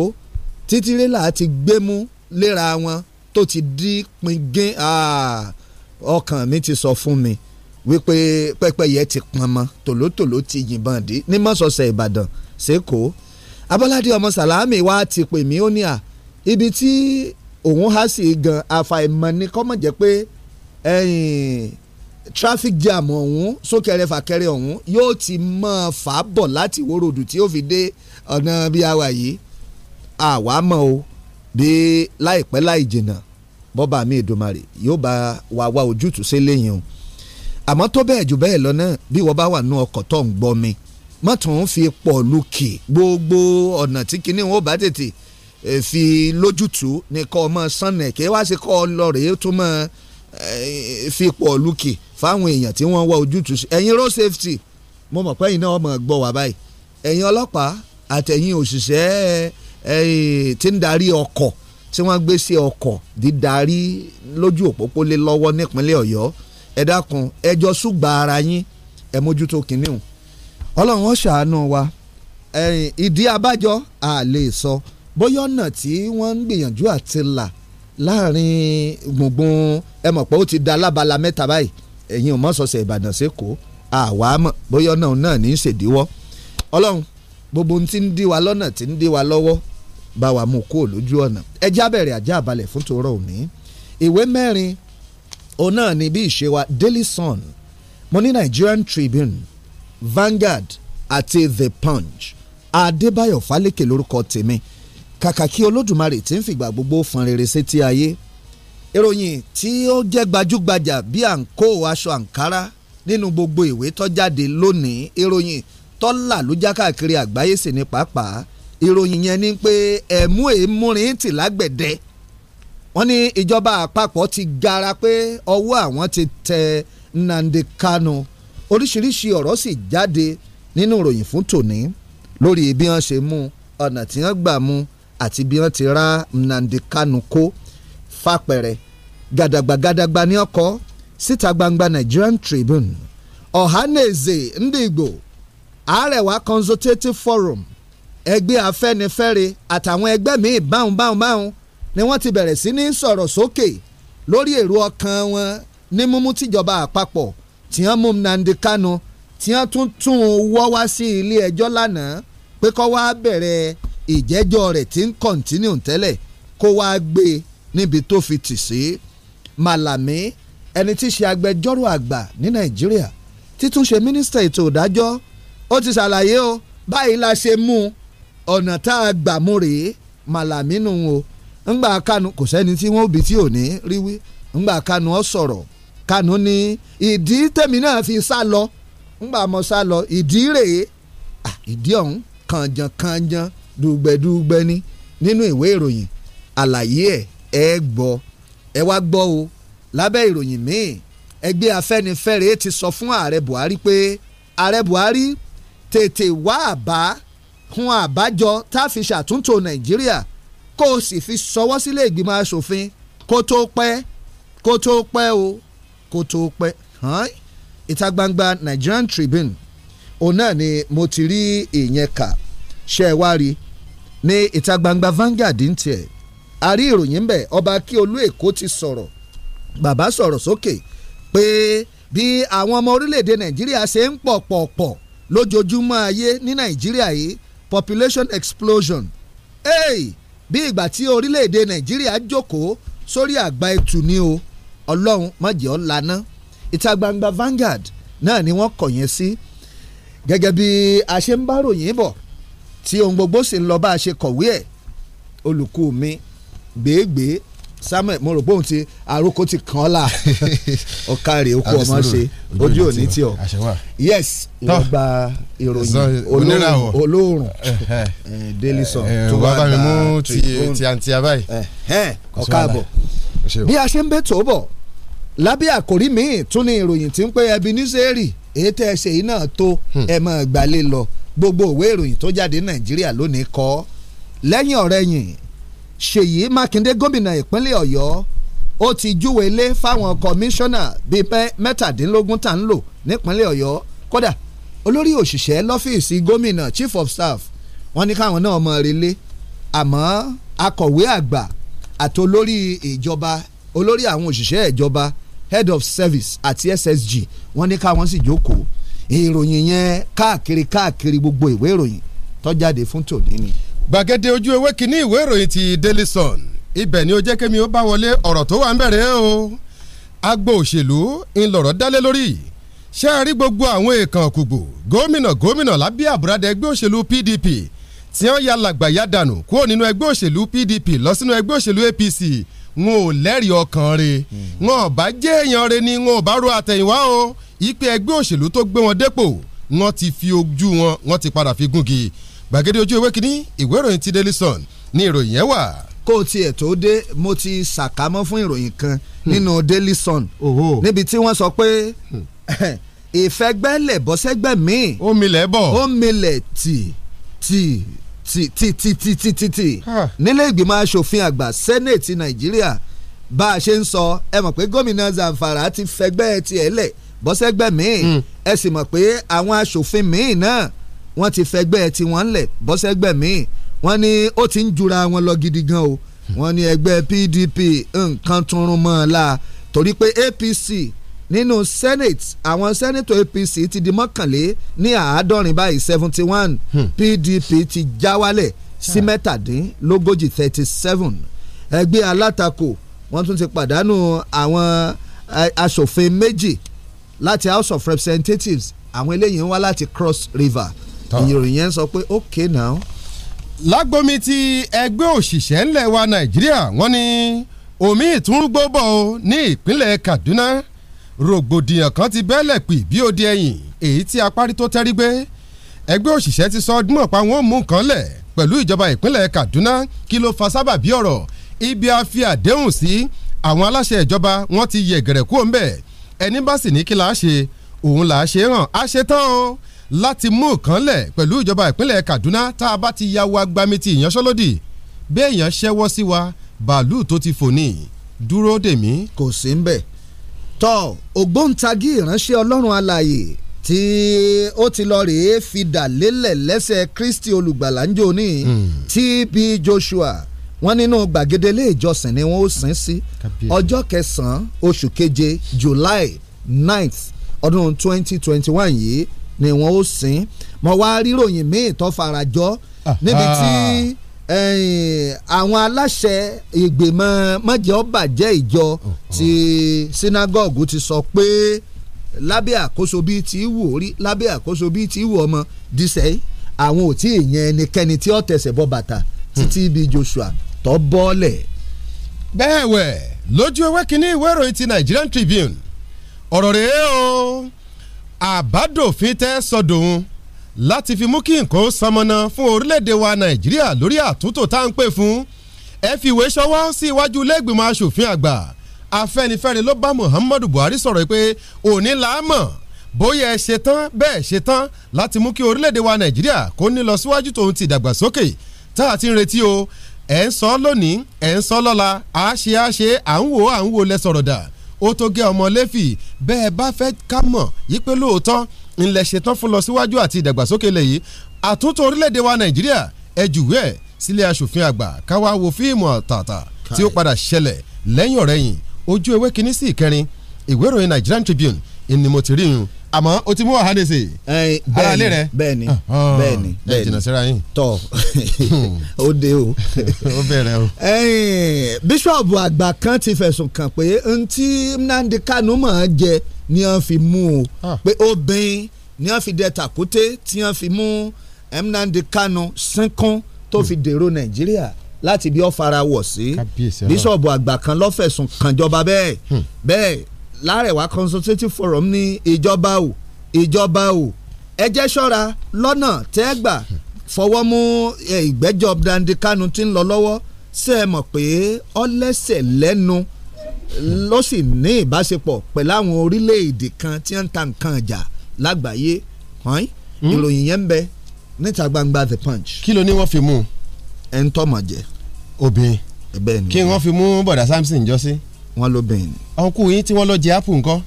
títí rélà ti gbé mú léra wọn tó ti dí pingin ọkàn mi ti sọ fún mi wípé pẹ́pẹ́yẹ ti pọn mọ́ tòlótòló ti yìnbọn dé ní mọ́sọ̀ọ̀sẹ̀ Ìbàdàn sẹ́kọ̀ọ́ Abọ́ládé ọmọ Sàlámì wa ti pè mí ó ní à ibi tí òun há sí gan àfàìmọ̀ ni kọ́mọ̀ jẹ́ pé ẹ̀yìn. Eh, traffic jam ọ̀hún súnkẹrẹ fàkẹrẹ ọ̀hún yóò ti máa fà á bọ̀ láti Ìwó Road tí ó fi dé ọ̀nà bí àwa yìí àwa mọ̀ o bí láìpẹ́ láì jìnnà bọ́ba mi Èdùmàrè yóò bá wa wá ojútùú sí lẹ́yìn o àmọ́ tó bẹ́ẹ̀ jù bẹ́ẹ̀ lọ náà bí wọ́n bá wà nú ọkọ̀ tó ń gbọ́ mi má tún fi pọ̀ lókè gbogbo ọ̀nà tí kinní wọn ò bá tètè fi lójútùú ní kọ́ ọmọ sànnà kí wá sí kọ́ ọ lọ rèé tó máa fi pọ̀ lókè fáwọn èèyàn tí wọ́n wá ojútùú sí ẹ̀yin road safety mo mọ̀ pé ẹ̀yin náà mọ̀ gbọ́ wá báyìí ẹ̀yin ọlọ́pàá àtẹ̀yin òṣìṣẹ́ tí ń darí ọkọ̀ tí wọ́n gbé sí ọkọ̀ dídarí lójú òpópó lé lọ́wọ́ nípínlẹ̀ Ọ̀yọ́ ẹ dákun ẹ jọ ṣùgbọ́n ara yín ẹ mójútó kìnìún Ọlọ́run ó ṣàánú wa ìdí abájọ a lè sọ bóyá ọ̀nà tí wọ́n ń gbìyànjú àti là láàrin gbùngbùn ẹ mọ̀ pé ó ti da lábala mẹ́ta báyìí ẹ̀yin ò mọ̀ sọ̀sẹ̀ ìbàdàn sẹ́kọ̀ọ́ àwa mọ̀ bóyá náà náà ní í ṣèdíwọ́ ọlọ́run gbogbo ohun tí ń dí wa lọ́nà tí ń dí wa lọ́wọ́ bá wa mú kó lójú ọ̀nà ẹ já bẹ̀rẹ̀ àjá àbalẹ̀ fún tòró òní ìwé mẹ́rin òun náà ni bí ìṣe wa Daily Sun mo ní Nigerian Tribune Vanguard àti The Punch Adébáyọ̀ Fálékè lórúkọ tèmi kàkà kí Olódùmarè tí ń fìgbà gbogbo fọn rere sétí ayé ìròyìn tí ó jẹ́ gbajúgbajà bí à ń kó aṣọ àǹkárá nínú gbogbo ìwé tó jáde lónìí ìròyìn tọ́là ló já káàkiri àgbáyé sì ní pàápàá ìròyìn yẹn ni pé ẹ̀mú èémúrin tì lágbẹ̀dẹ wọ́n ní ìjọba àpapọ̀ ti gara pé ọwọ́ àwọn ti tẹ Nnamdi Kanu oríṣiríṣi ọ̀rọ̀ sì jáde nínú ìròyìn fún tòní lórí bí wọ́n ṣe mú ọ̀nà tí wọ́n gbà mú àti bí wọ́n ti rá Nnamdi Kanu kó. Ko fapẹ̀rẹ̀ Gada gàdàgbà ní ọkọ̀ síta gbangba Nigerian Tribune ọ̀hánèzè Ndigbo Igbo Arewa Consultative Forum ẹgbẹ́ Afẹ́nifẹ́re àtàwọn ẹgbẹ́ míì báhùn báhùn ni wọ́n ti bẹ̀rẹ̀ sí ní sọ̀rọ̀ sókè lórí èrò ọkàn wọn ní mímú tìjọba àpapọ̀ tí wọ́n mú Nnamdi Kanu tí wọ́n tún tún wọ́ wá sí ilé ẹjọ́ lánàá pé wá bẹ̀rẹ̀ ìjẹ́jọ́ rẹ̀ ń níbi tó fi tì sí Malami ẹni tí í ṣe agbẹjọ́rò àgbà ní Nàìjíríà títúnṣe mínísítà ètò ìdájọ́ ó ti ṣàlàyé o báyìí la ṣe mú ọ̀nà tá a gbà mú rèé Malami nù o ńgbà Kanu kò sẹ́ni tí wọ́n bí tí ò ní rí wí ńgbà Kanu ọ sọ̀rọ̀ Kanu ní ìdí tèmi náà fi sá lọ ńgbà mo sá lọ ìdí rèé ìdí ọ̀hún kànjànkànjàn dùgbẹ̀dùgbẹ̀ ni nínú ìwé ìròyìn àlàyé ẹ̀ ẹ gbọ́ ẹ wá gbọ́ o lábẹ́ ìròyìn míì ẹgbẹ́ afẹ́nifẹ́re ti sọ fún ààrẹ buhari pé ààrẹ buhari tètè wá àbá hun àbájọ tá a fi ṣàtúntò nàìjíríà kó o sì fi sọwọ́ sílé ìgbìmọ̀ asòfin kó tó pẹ́ kó tó pẹ́ o kó tó pẹ́ ìta gbangba Nigerian Tribune òun náà ni mo ti rí ìyẹn kà ṣe é wá rí ní ìta gbangba Vanguard ń tiẹ̀ a rí ìròyìn bẹ́ẹ̀ ọba akíolú èkó ti sọ̀rọ̀ bàbá sọ̀rọ̀ sókè pé bí àwọn ọmọ orílẹ̀-èdè nàìjíríà ṣe ń pọ̀ pọ̀ pọ̀ lójoojúmọ́ ayé ní nàìjíríà yìí population explosion hey, bí ìgbà tí orílẹ̀-èdè nàìjíríà jókòó sórí àgbá ẹtù ni o ọlọ́run má jẹ́ lana ìta gbangba Vanguard náà ni wọ́n kọ̀ yẹn sí gẹ́gẹ́ bí a ṣe ń bá ròyìn bọ̀ tí ohun gbogbo sì ń lọ bá a ṣe kọ̀wé ẹ̀ olùkú mi gbèégbé samuel mo rò pé òun ti àròkọ ti kàn án là ọkàrè okú ọmọ ṣe ojú òní tí ọ yes ìwọ gba ìròyìn olóòrùn eh, daily sun eh, tó wá bá mi mú ti àǹtí abáyé ọkà àbọ̀ bí a ṣe ń bẹ tó bọ̀ lábẹ́ àkòrí míì tún ní ìròyìn tí ń pé Ebenezer èyí tẹ́ ẹ ṣe yìí náà tó hmm. ẹ mọ̀ gbalẹ̀ lọ gbogbo ìwé ìròyìn tó jáde Nàìjíríà lónìí kọ́ lẹ́yìn ọ̀rẹ́yìn Ṣèyí Mákindé gómìnà ìpínlẹ̀ Ọ̀yọ́ ó ti júwe ilé fáwọn kọmíṣánná bíi mẹ́tàdínlógún tá ń lò nípínlẹ̀ Ọ̀yọ́ kódà olórí òṣìṣẹ́ lọ́fíìsì gómìnà chief of staff wọ́n ní káwọn náà mọ relé àmọ́ akọ̀wé àgbà àti olórí ìjọba olórí àwọn òṣìṣẹ́ ìjọba head of service àti SSG wọ́n ní káwọn sì jókòó ìròyìn yẹn káàkiri káàkiri gbogbo ìwé ìròyìn tó jáde fún tòní ni gbàgede ojú ewé kínní ìwé ìròyìn ti Daily Sun ibẹ̀ ni ó jẹ́ kémi ó bá wọlé ọ̀rọ̀ tó wà ń bẹ̀rẹ̀ o agbo òṣèlú ńlọrọ̀ dálé lórí ṣé a rí gbogbo àwọn èèkàn kùgbò gómìnà gómìnà lábẹ́ àbúradà ẹgbẹ́ òṣèlú PDP tí wọ́n ya làgbà ya dànù kúrò nínú ẹgbẹ́ òṣèlú PDP lọ sínú ẹgbẹ́ òṣèlú APC wọn ò lẹ́rìí ọkàn re hmm. wọn ò bá jẹ́ èèyàn re ni wọn ò bá ro àtẹ̀yìnwá o ìpè ẹgbẹ́ òṣèlú tó gbé wọn dépò wọn ti fi ojú wọn wọn ti padà fi gúngi gbàgede ojú ewé kínní ìwé ìròyìn ti Daily Sun ní ìròyìn yẹn wà. kó o tiẹ̀ tó dé mo ti ṣàkámọ́ fún ìròyìn kan hmm. nínú Daily Sun níbi tí wọ́n sọ pé hmm. ìfẹ́gbẹ́lẹ̀ bọ́sẹ́gbẹ́ míì. ó milẹ̀ bọ̀. ó milẹ̀ tì tì tì tì tì tì tì tì tì nílé ìgbìmọ̀ asòfin àgbà sẹ́nẹ̀tì nàìjíríà bá a ṣe ń sọ ẹ mọ̀ pé gómìnà Zamfara ti fẹ́gbẹ́ tiẹ̀ lẹ̀ bọ́sẹ́gbẹ́ míì hmm. ẹ sì mọ̀ pé àwọn asòfin míì náà wọ́n ti fẹgbẹ́ tiwọn lẹ̀ bọ́sẹ́gbẹ́ míì wọ́n ní ó ti ń jura wọn lọ gidi gan o wọ́n ní ẹgbẹ́ PDP nǹkan tuntun mọ́ ọ la torí pé APC nínú senate àwọn sẹ́nẹ́tọ̀ APC ti di mọ́kànlé ní àádọ́rin báyìí seventy one PDP hmm. ti já wálẹ̀ sí ah. mẹ́tàdínlógójì thirty seven ẹgbẹ́ alátakò wọ́n tún ti pàdánù àwọn aṣòfin méjì láti house of representatives àwọn eléyìí ń wá láti cross river ìròyìn yẹn sọ pé okay now. lágbomi ti ẹgbẹ́ òṣìṣẹ́ ńlẹ̀ wa nàìjíríà wọ́n ní omi ìtúrúgbó bọ̀ ọ́ ní ìpínlẹ̀ kaduna rògbòdìyàn kan ti bẹ́lẹ̀ pì bí ó di ẹ̀yìn èyí tí apárí tó tẹ́rí gbé ẹgbẹ́ òṣìṣẹ́ ti sọ ọdún mọ̀pá wọn ò mú nǹkan lẹ̀ pẹ̀lú ìjọba ìpínlẹ̀ kaduna kí ló fa sábàbí ọ̀rọ̀ ibi a fi àdéhùn sí àwọn aláṣẹ ìjọba wọn ti yẹ̀gẹ̀rẹ̀ kú òun bẹ́ẹ̀ ẹni bá sì ní kí la ṣe òun là ṣe hàn á ṣe tán o láti mú ìkànlẹ̀ pẹ̀lú ìjọba ìpínlẹ̀ Kaduna tá a bá ti ya wa gbami ti ìyanṣẹ́lódì béèyàn ṣẹ́wọ́ sí wa bàálù tó ti fò ní dúró dèmí. kò sí ń bẹ̀ tọ́ ògbóǹtagì ìránṣẹ́ ọlọ́run alààyè tí ó ti lọ rèé fi dà lélẹ̀ lẹ́sẹ̀ Kristi olùgbàlàjò ní hmm. T.B. Joshua wọ́n nínú gbàgede ilé ìjọsìn ni wọ́n ó sin sí ọjọ́ kẹsàn-án oṣù keje July 9th ọdún 2021 yìí ni wọ́n ó sìn mọ̀ wá ríròyìn míì tó farajọ ah, níbi ah. tí eh, àwọn aláṣẹ ìgbìmọ̀ mọ̀jẹ̀ọ́bàjẹ́ ìjọ oh, oh. ti sinagogue ti sọ pé lábẹ́ àkóso bíi ti wù orí lábẹ́ àkóso bíi ti wù ọmọ dísẹ́ àwọn ò tí ì yan ẹnikẹ́ni tí ó tẹ̀sẹ̀ bọ́ bàtà títí bíi Joshua tó bọ́ọ̀lẹ̀. bẹ́ẹ̀ wẹ̀ lójú ewé kínní ìwé ìròyìn ti Nigerian Tribune ọ̀rọ̀ rèé o àbádòfin tẹ́ sọdòun láti fi mú kí nǹkan ó fún orílẹ̀-èdè wa nàìjíríà lórí àtúntò tá à ń pè fún ẹ fi ìwé ṣọwọ́ sí iwájú ilé-ìgbìmọ̀ asòfin àgbà afẹ́nifẹ́re ló bá muhammadu buhari sọ̀rọ̀ pé òní là á mọ̀ bóyá ẹ ṣe tán bẹ́ẹ̀ ṣe tán láti mú kí orílẹ̀-èdè wa nàìjíríà kó ní lọ síwájú tòun ti dàgbàsókè tá a ti ń retí o ẹ̀ ń sọ lónìí ẹ̀ ń sọ lọ́la àá ṣe ṣe à ń wò à ń wò lẹ́sọ̀rọ̀ dà ó tó gé ọmọ lẹ́fì bẹ́ẹ̀ bá fẹ́ ká mọ̀ yìí pé lóòótọ́ ńlẹ̀ ṣetán fún lọ síwájú àti ìdàgbàsókè lẹ̀ àtúntò orílẹ̀-èdè wa nàìjíríà ẹ jùwé ẹ̀ sílé aṣòfin àgbà káwá wo fíìmù àtàtà tí ó padà ṣẹlẹ̀ lẹ́yìn ọ̀rẹ́yìn ojú ewé kínní sí ìkẹrin ìwé ìròyìn Nigerian Tribune ni mo ti rí yun àmọ́ o ti mú wàhálà ṣe. bẹ́ẹ̀ni bẹ́ẹ̀ni ah, ah, bẹ́ẹ̀ni bẹ́ẹ̀ni jìnnà síra yín. tọ hmm. ó dé o. ó bẹ̀rẹ̀ o. bíṣọ̀bù àgbà kan ti fẹ̀sùn kàn pé ntí Nnamdi Kanu máa jẹ ni wọ́n fi mú o ah. pé obìnrin ni wọ́n fi dẹ tàkúté tí wọ́n fi mú Nnamdi Kanu sínkún tó fi hmm. dèrò Nàìjíríà láti bí ó farawọ̀ sí bíṣọ̀bù àgbà kan ló kànjọba bẹ́ẹ̀ hmm. bẹ́ẹ̀ lárẹ̀wá consultative forum ní ìjọba o ìjọba o ẹ jẹ́ ṣọ́ra lọ́nà tẹ́gbà fọwọ́ mú ìgbẹ́jọ́ dandi kanu tí ń lọ lọ́wọ́ ṣe é mọ̀ pé ọlẹ́sẹ̀ lẹ́nu ló sì ní ìbáṣepọ̀ pẹ̀lú àwọn orílẹ̀-èdè kan tí ń ta nǹkan ìjà lágbàáyé hmm? ìròyìn yẹn ń bẹ níta gbangba the punch. kí ló ní wọ́n fi mú un. ẹ̀ ń tọ́ mọ̀ obìnrin kí wọ́n fi mú bọ̀dà Samson jọ sí wọ́n ló bẹ̀yìn. ọkùnrin yìí tí wọ́n lọ jẹ apple nǹkan.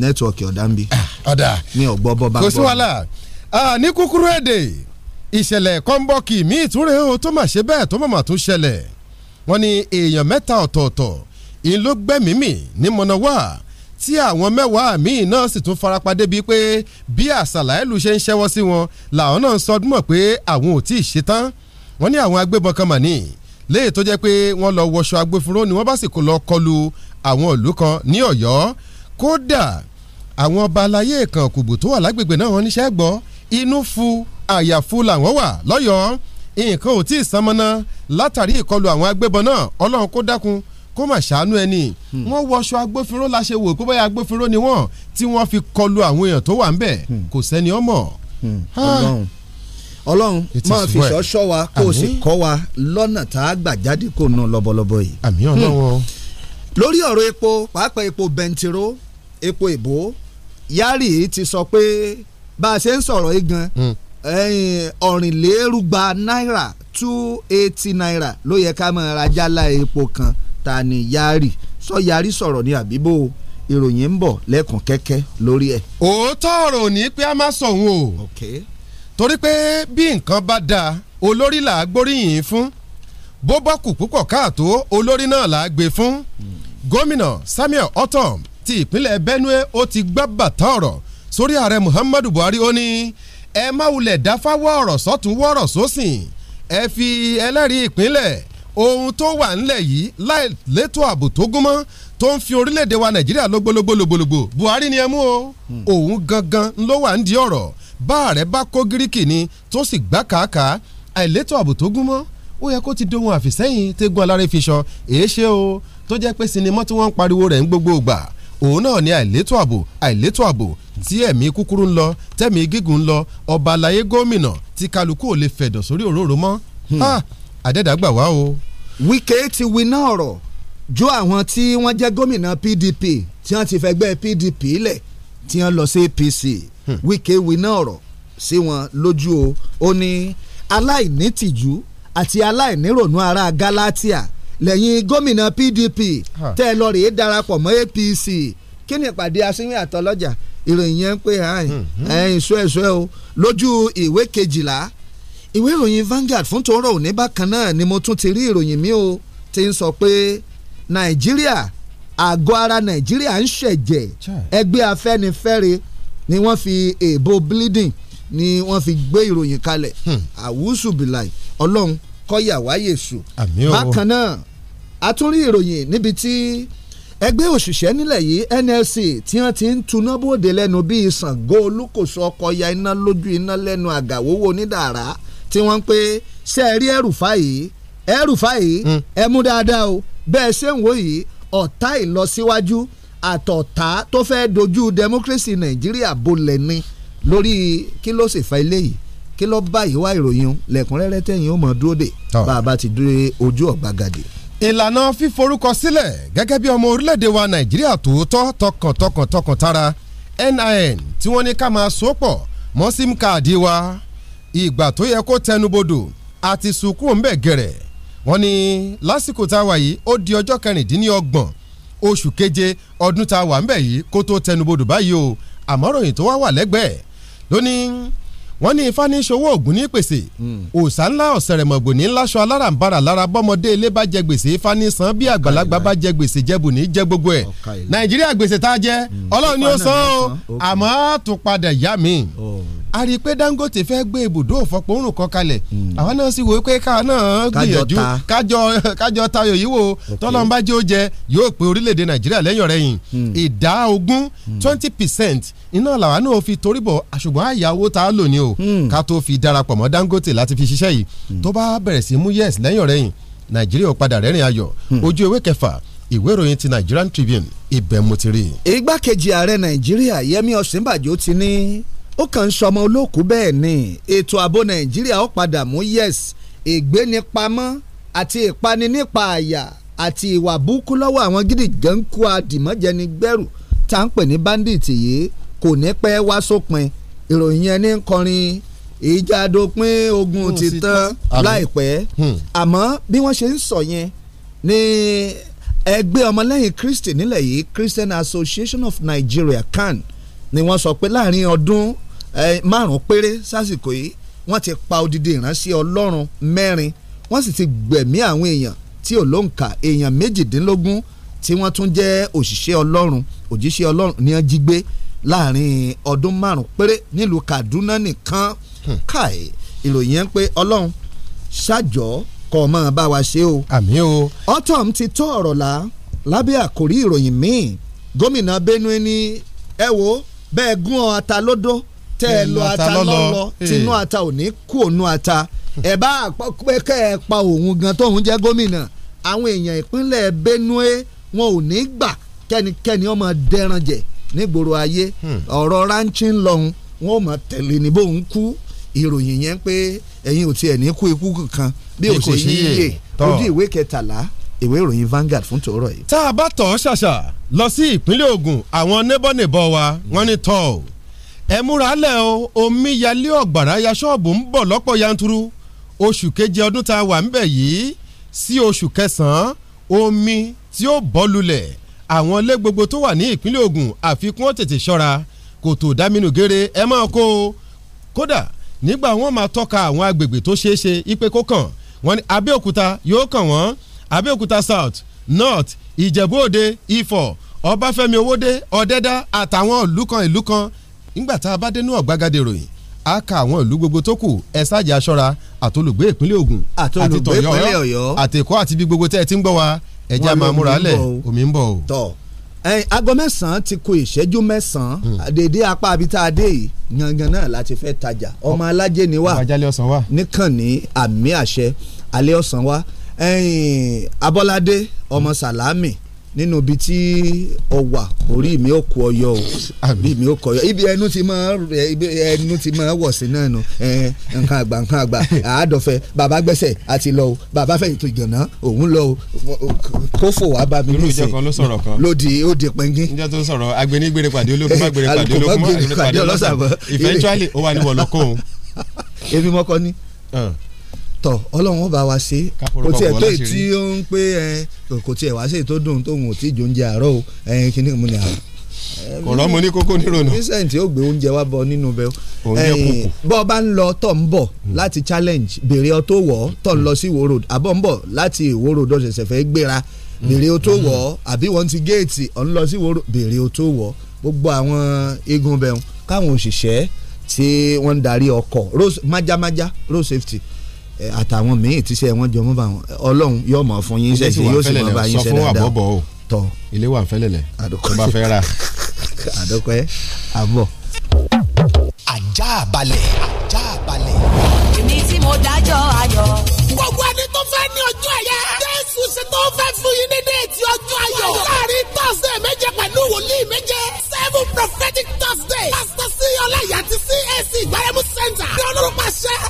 nẹ́tíwọ̀kì ọ̀dà ń bí. Ah, ọ̀dà mi ò gbọ́ bọ́ bá gbọ́. kò sí wàhálà ní kúkúrú èdè ìṣẹ̀lẹ̀ kọ́ńbọ́ọ̀kì míì tún o tó mà ṣe bẹ́ẹ̀ tó mọ̀mọ́ tó ṣẹlẹ̀ wọ́n ní èèyàn mẹ́ta ọ̀tọ̀ọ̀tọ̀ ìn ló gbẹ́mìímì ní mọ̀nàwá tí àwọn mẹ́wàá míì náà sì tún farapa débi pé bí àṣàlà ìlú ṣe ń ṣẹ́wọ́ sí wọn làwọn náà ń sọdúnmọ̀ pé àwọn ò tí ì ṣetán wọ́n ní àwọn agbébọn kan mà níì léyìí tó jẹ́ pé wọ́n lọ wọṣọ agbófinró ni wọ́n bá sì kó lọ kọlu àwọn ìlú kan ní Ọ̀yọ́ kódà àwọn ọba aláyé kan kùbù tó wà lágbègbè náà wọ́n níṣẹ́ gbọ́ inú fu àyàfu làwọn wà lọ́yọ̀ọ́ nǹkan ò tí ì sanmọ́ná látàrí ìkọlù àwọn agbébọn náà Ọlọ́run kó dákun kó mà ṣàánú ẹni hmm. wọ́n wọṣọ agbófinró la wò pé báyà agbófinró ni wọ́n tí wọ́n fi kọlù àwọn èèyàn tó wà ń hmm. kò sẹ́ni ọmọ. Hmm. Ah. Ọlọ́run ọlọ́run máa fi ṣọ́ṣọ́ wa kó o sì kọ́ wa lọ́nà tá a gbà jáde kó nu lọ́bọ̀lọ́bọ̀ yìí. Hmm. lórí ọ̀rọ̀ epo pàápàá epo bẹntiró epo ìbò yari ti sọ pé bá a ṣe ń sọ̀rọ̀ yìí gan hmm. ọ̀rìnlérúgba náírà two eighty naira, ló yẹ ká máa ra jálá epo kan ta ni yari sọ yari sọ̀rọ̀ ní àbíbò ìròyìn ń bọ̀ lẹ́kùn kẹ́kẹ́ lórí ẹ̀. òótọ́ ọ̀rọ̀ ò ní pé a má sọ o. okay torí pé bí nǹkan bá dáa olórí là á gbóríyìn fún bó bọ́kù púpọ̀ káàtó olórí náà là á gbé fún gómìnà Samuel Ortom ti ìpínlẹ̀ Benue ó ti gbá bàtà ọ̀rọ̀ sórí ààrẹ Muhammadu Buhari ó ní ẹ má wulẹ̀ dáfáwọ́ ọ̀rọ̀ sọ́tún wọ́ọ̀rọ̀ sósìn ẹ fi ẹlẹ́rìí ìpínlẹ̀ ohun tó wà ńlẹ̀ yìí láì létò ààbò tó gúnmọ́ tó ń fi orílẹ̀-èdè wa Nàìjíríà lógbólógbó Buhari ni ẹ mú o hmm. òun gangan ló wà ń di ọ̀rọ̀ bá ààrẹ bá kó gíríkì ni tó sì gbá kàákà àìlétò ààbò tó gún mọ́ ó yẹ kó ti dohun àfìsẹ́yìn tẹ́gun alárẹ́ fi sọ èé ṣe o tó jẹ́ pé sinimọ́ tí wọ́n ń pariwo rẹ̀ ń gbogbo gbà òun náà ni àìlétò ààbò àìlétò ààbò tí ẹ̀mí kúkúrú ń lọ tẹ̀mí gígùn ń lọ ọba àlàyé gómìnà tí kálukú ò lè fẹ̀dọ̀ sórí òróró mọ́ àdẹ́dàgbà hmm. wá o. Wike ti winá ọ̀rọ̀ jó àwọn tí wọ́n jẹ́ gómìnà PDP tí wọ́n ti fẹ́gbẹ́ PDP lẹ̀ tí wọ́n lọ sí APC Hmm. Wike winá ọ̀rọ̀ sí wọn lójú o ó ní aláìnítìjú àti aláìnírònú ará Galatia lẹ́yìn gómìnà PDP tẹ́ ẹ lọ rèé darapọ̀ mọ́ APC kí ni ìpàdé asínwé àtọlọ́jà ìròyìn yẹn ń pè hàn hmm, hmm. ìṣó ẹ̀ṣọ́ ẹ o lójú ìwé kejìlá ìwé ìròyìn Vanguard fún tòórọ òní bákan náà ni mo tún ti rí ìròyìn mi o ti ń sọ pé Nàìjíríà àgọ́ ara Nàìjíríà ń ṣẹ̀jẹ̀ ẹgbẹ́ Afẹ́nifẹ́re ni wọ́n fi èèbò bleeding ni wọ́n fi gbé ìròyìn kalẹ̀ hmm. àwùsù bìláì ọlọ́run kọ́yà wáyé sù. bákan náà a tún rí ìròyìn níbi tí ẹgbẹ́ òṣìṣẹ́ nílẹ̀ yìí NLC tí wọ́n ti ń tuná bóde lẹ́nu bíi Ṣàngó Olúkòso ọkọ̀ ya iná lójú iná lẹ́nu àgàwówó onídàárà tí wọ́n ń pè ṣe rí ẹrùfáì ẹrùfáì hmm. ẹ mú dáadáa o bẹ́ẹ̀ ṣe ń wò yìí ọ̀tá ìlọsíwájú àtọ̀tá tó fẹ́ dojú democracy nàìjíríà bolẹ̀ ni lórí kí ló sì fa eléyìí kí ló bá ìwà ìròyìn lẹ́kùnrẹ́rẹ́ tẹ̀yìn ó mọ̀ dúró dè bá a bá ti dúró ojú ọ̀gbagadè ìlànà fíforúkọ sílẹ̀ gẹ́gẹ́ bí ọmọ orílẹ̀-èdè wa nàìjíríà tòótọ́ tọkàntọkàn tọkàntara NIN tí wọ́n ní ká máa so pọ̀ mọ́ sim káàdì wa ìgbà tó yẹ kó tẹnubodò àti sùkúù ń bẹ̀ gẹ̀rẹ̀ wọ́n ní lásìkò tá yìí ó di ọjọ́ kẹrìndínlọ́gbọ̀n oṣù keje ọdún tá a wà ńbẹ̀ yìí kó tó tẹnubodò báyìí o àmọ́ ròyìn tó wá wà lẹ́gbẹ̀ẹ́ lónìí wọ́n ní ifá ní ṣòwò ògùn ní pèsè hmm. òòṣà ńlá ọ̀sẹ̀rẹ̀mọ̀gbò ní ńláṣọ alárànbarà lára bọ́mọdé ilé bá jẹ gbèsè ifá ní san bí àgbàlagbà bá jẹ gbèsè jẹbù ní jẹ gbogbo ẹ̀ nàìjíríà gbèsè tá a jẹ hmm. ọlọ́run ni ó san o àmọ́ tún padà yá mi. Oh a rí i pé Dangote fẹ́ gbé ibùdó òfọpọ̀rùn kan kalẹ̀ hmm. àwọn náà sì wò pé káwọn náà gbìyànjú kájọ kájọ tayọ̀ yìí wò tọ́lọ́mbájẹ́ ó jẹ yóò pé orílẹ̀-èdè Nàìjíríà lẹ́yìn ọ̀rẹ́ yìí hmm. ìdá ogún hmm. twenty percent iná làwọn náà fi torí bọ̀ àṣùgbọ́n àyà owó tá a lò ní o ká tó fi darapọ̀ mọ́ Dangote láti fi ṣiṣẹ́ yìí tó bá bẹ̀rẹ̀ sí mú yẹ́s lẹ́yìn ọ̀rẹ́ ìwé ìròyìn ti Nigerian Tribune ibẹ̀ mo ti rí. igbákejì ààrẹ Nàìjíríà Yẹmí Ọ̀sínbàjò ti ní ó kàn ń sọmọ olóòkú bẹ́ẹ̀ ni ètò ààbò nàìjíríà ó padà mú yes ìgbénipamọ́ àti ìpani nípa àyà àti ìwà búkú lọ́wọ́ àwọn gidi jẹ́ńkú àdìmọ́jẹni gbẹ́rù tá à ń pè ní bandit yìí kò ní pẹ́ wá sópin ìròyìn ẹni ń kọrin ìjà dópin ogun hmm, ti tán láìpẹ́ hmm. àmọ́ bí wọ́n ṣe ń sọ yẹn ní ẹgbẹ́ ọmọlẹ́yìn Kristi nílẹ̀ yìí Christian Association of Nigeria CAN ni wọ́n sọ pé láàrin ọdún márùn péré sásìkò yìí wọ́n ti pa odidi ìránṣẹ́ ọlọ́run mẹ́rin wọ́n sì ti gbẹ̀mí àwọn èèyàn tí ò lóǹkà èèyàn méjìdínlógún tí wọ́n tún jẹ́ òṣìṣẹ́ ọlọ́run òjíṣẹ́ ọlọ́run ni wọ́n jí gbé láàrin ọdún márùn péré nílùú Kaduna nìkan hmm. káì ìròyìn yẹn pé ọlọ́run ṣàjọ kọ́ ọ máa bá wa ṣe o. àmì o. autumn ti tó ọ̀rọ̀ la lábẹ́ àkórí ìròyìn míì gómìnà Benue ni ẹ wo bẹ́ẹ̀ gún ọ ata lódó tẹ́ ẹ lọ ata lọ́lọ́ tinú ata òní kú ònú ata ẹ bá pé kẹ́ ẹ pa òun gan tóun jẹ́ gómìnà àwọn èèyàn ìpínlẹ̀ Benue wọn ò ní gbà kẹ́nikẹ́ni ọmọ dẹran jẹ nígboro ayé hmm. ọ̀rọ̀ ranching lọ́hùn wọn ò mọ̀ tẹ̀lé ní bóun kú ìròyìn yẹn pé ẹ̀yin ò tiẹ̀ ní kú ikú kankan bí o ṣe yíyè ojú ìwé kẹtàlá ìwé ìròyìn Vanguard fún tòórọ yìí. tá a bá tọ̀ ọ́ ṣàṣà lọ sí ìpínlẹ̀ Ògùn àwọn nébọ̀nébọ̀ wa wọ́n ní tọ́ ọ ẹ múra lẹ̀ o omíyalé ọ̀gbàrá ya ṣọ́ọ̀bù ń bọ̀ lọ́pọ̀ yanturu oṣù keje ọdún tá a wà ńbẹ̀ yìí sí oṣù kẹsàn-án omi tí ó bọ́ lulẹ̀ àwọn ilé gbogbo tó wà ní ìpínlẹ̀ Ògùn àfikún ó tètè ṣọ́ra kòtò dámínú gèrè ẹ máa kó o kódà nígbà wọn máa tọ́ka àwọn agbègbè tó ṣeé ṣe kó kàn wọn ni Abẹ́òkúta yóò kàn wọ́n Abẹ́òkúta South North Ìjẹ̀bú Òde Ifọ̀ Ọbáfẹ́mi Owódé Ọ̀dẹ́dá àtàwọn ìlú kan ìlú kan nígbà tá a bá dénú ọ̀gbagadè ròyìn a ka àwọn ìlú gbogbo tó kù ẹ ṣáàjì aṣọra àtolùgbé ìpínlẹ̀ Ògùn àti tọ̀yọ́ àtẹ̀kọ́ àti bí gbogbo tẹ́ ẹ ti ń gbọ́ wa ẹ̀já máa múra lẹ̀ omi ń bọ̀ o. tọ́ aago mẹ́sàn-án ti kù ìṣẹ́jú mẹ́sàn-án hmm. dèdè apá abita adé yìí gangan náà láti fẹ́ tajà ọmọ alájẹ ni wà nìkan ní àmì àṣẹ alẹ́ ọ̀sán wa. Abọ́ládé ọmọ Sàlámì nínú ibi tí ọwà orí mi ò kú ọyọ o orí mi ò kú ọyọ ibi ẹnu ti mọ ẹnu ti mọ wọ̀ sí náà nù nǹkan àgbà nǹkan àgbà àádọ́fẹ́ bàbá gbẹ́sẹ̀ àti lọ o bàbá fẹ́ ètò ìgànná òun lọ o kó fò wá bá mi nísìn ló sọ̀rọ̀ kan lódì òdì pẹ́ngín. níjẹ́ tó sọ̀rọ̀ agbẹ́nigbèrè pàdé ológun má pàdé ológun má pàdé ọlọ́sàbọ̀ eventually ó wà níwọ̀ lọ́kọ̀ òun. èmi mọ́kọ́ ni tọ Ọlọ́run ó wa ṣe kò tiẹ̀ tó ètí ó ń pé kò tiẹ̀ wá sí ètò dùn tóun ò tí ì jóúnjẹ àárọ̀ o kíní mo ní àárọ̀ kò rọ́mọ ní kókó nírònà Vincent yóò gbé oúnjẹ wá bọ nínú bẹ bọ́ ọ bá ń lọ tọ̀ ń bọ̀ hmm. láti challenge bèrè ọ tó wọ̀ tọ̀ ń lọ sí Ìwó àbọ̀ ń bọ̀ láti Ìwó road fẹ́ gbéra hmm. bèrè ọ tó hmm. wọ̀ àbí wọ́n ti géètì ọ̀ ń lọ sí Ìwó bèrè ọ tó wọ̀ àtàwọn míì tí sẹ́ wọ́n jọ mọ́ bá wọn ọlọ́run yóò mọ̀ fún yín sẹ́sẹ́ yóò sì mọ̀ bá yín sẹ́ dáadáa sọ fún àbọ̀bọ̀ o tọ ilé wà fẹ́lẹ̀lẹ̀ tó bá fẹ́ ra. àdókòẹ́ àbọ̀. ajá balẹ̀ ajá balẹ̀. èmi tí mo dájọ́ ayọ̀. gbogbo ẹni tó fẹ́ ní ọjọ́ ẹ̀yẹ. jésù ṣe tó fẹ́ fún yín ní déètì ọjọ́ ayọ̀. láàrin thursday méje pẹ̀lú wòlíì méje. seven prophetic thursday. pásítọ̀ sí ọláyà àti cac ìgbàlẹ́mú center.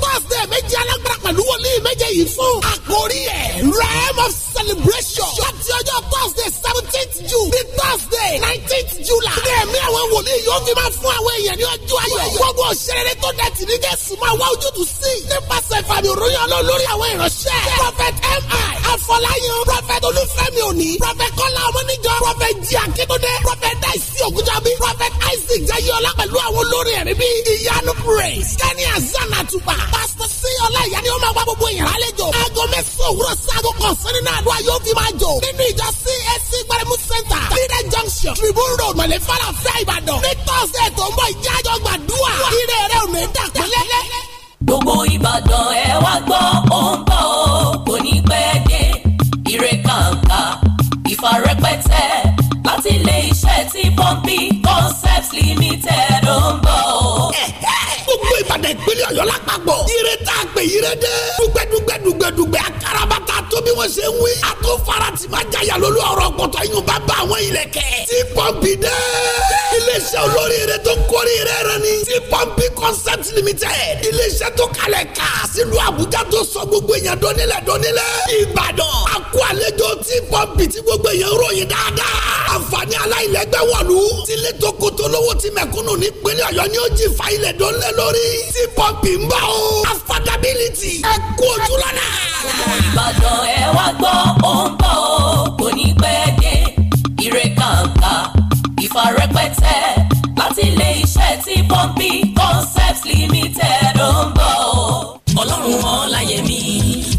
thursday méje alágbára àlùwọlé méje yìí fún àkórí ẹ̀ Realm of Celebration láti ọjọ́ Thursday seventeenth June ní Thursday nineteenth July. Ní ẹ̀mí àwọn wòlíì yóò fi máa fún àwọn èèyàn ní ọjọ́ ayọ̀. Gbogbo òṣèré tó dẹ̀ tì ní Jésù máa wá ojútùú sí. Nípasẹ̀ ìfàmì òròyìn ọlọ́run lórí àwọn ìránṣẹ́. Prophet M.I. Afọláyan. Prophet Olúfẹ́mi Òní. Prophet Kọ́lá Ọmọníjọ. Prophet Jí Akíndúndé. Prophet Daisy Ògúnjọ́bí. Prophet Isaac Jayọ́lá pẹ̀lú àwọn olórin ẹ̀rí bíi Ìyanu Praise. Kẹ́ni Azan Tuba, Pastor Síyọ́lá Ìyá ni ó máa wá gbogbo èèyàn lálejò. aago mẹ́sàn-án òwúrọ̀ sáago kan sẹ́ni náà àdúrà yóò fi máa jò. nínú ìjọ CAC gbaremu center three junction tribune road mọ̀lẹ́ fẹ́ ìbàdàn. ní tọ́sídẹ̀ẹ́ tó ń bọ̀ ìjájọ́ gbàdúrà. ire rẹ̀ ò ní dàgbẹ́lẹ́. gbogbo ìbàdàn ẹ wá gbọ́ ó ń bọ̀ ó kò ní pẹ́ dé ire kàǹkà ìfarẹ́pẹ́tẹ́ láti ilé iṣẹ́ tí pọ́ńpì concepts limited ó ń bọ̀ ó ìbàdàn ìpínlẹ̀ ọ̀yọ́ lápapọ̀ ire tá a pè ire dé dùgbẹ́dùgbẹ́ dùgbẹ́dùgbẹ́ akarabata tó bí wọ́n ṣe ń wí a tó fara tì máa jaya lólu ọ̀rọ̀ pọ̀tọ́ yín bá bá àwọn ilẹ̀kẹ̀ tí pọ́ǹpì dẹ́ iléeṣẹ́ olórí ire tó ń kórè ire rẹ ni tí pọ́ǹpì concept limited iléeṣẹ́ tó kalẹ̀ ká sílùú àbújá tó sọ gbogbo èèyàn dọ́nílẹ̀ dọ́nílẹ̀ ìbàdàn a kó àlejò tí pọ́ǹpì tí gbogbo èèyàn ròyìn dáadáa àǹfààní aláìlẹ́gbẹ́ wọ̀lú tílé tó kótó lówó tí mẹ̀kúnnù nípínlẹ̀ ọ̀yọ́ energy pumping ń bọ̀ o. affordability ẹ kú ojú lọ́nà. Ìbàdàn ẹ wá gbọ́ ó ń bọ̀ ó kò ní pẹ́ dé ire kàǹkà ìfarẹ́pẹ́tẹ́ láti ilé iṣẹ́ tí pọ́ǹpì concepts limited ó ń bọ̀ ó ọlọ́run ọláyẹmí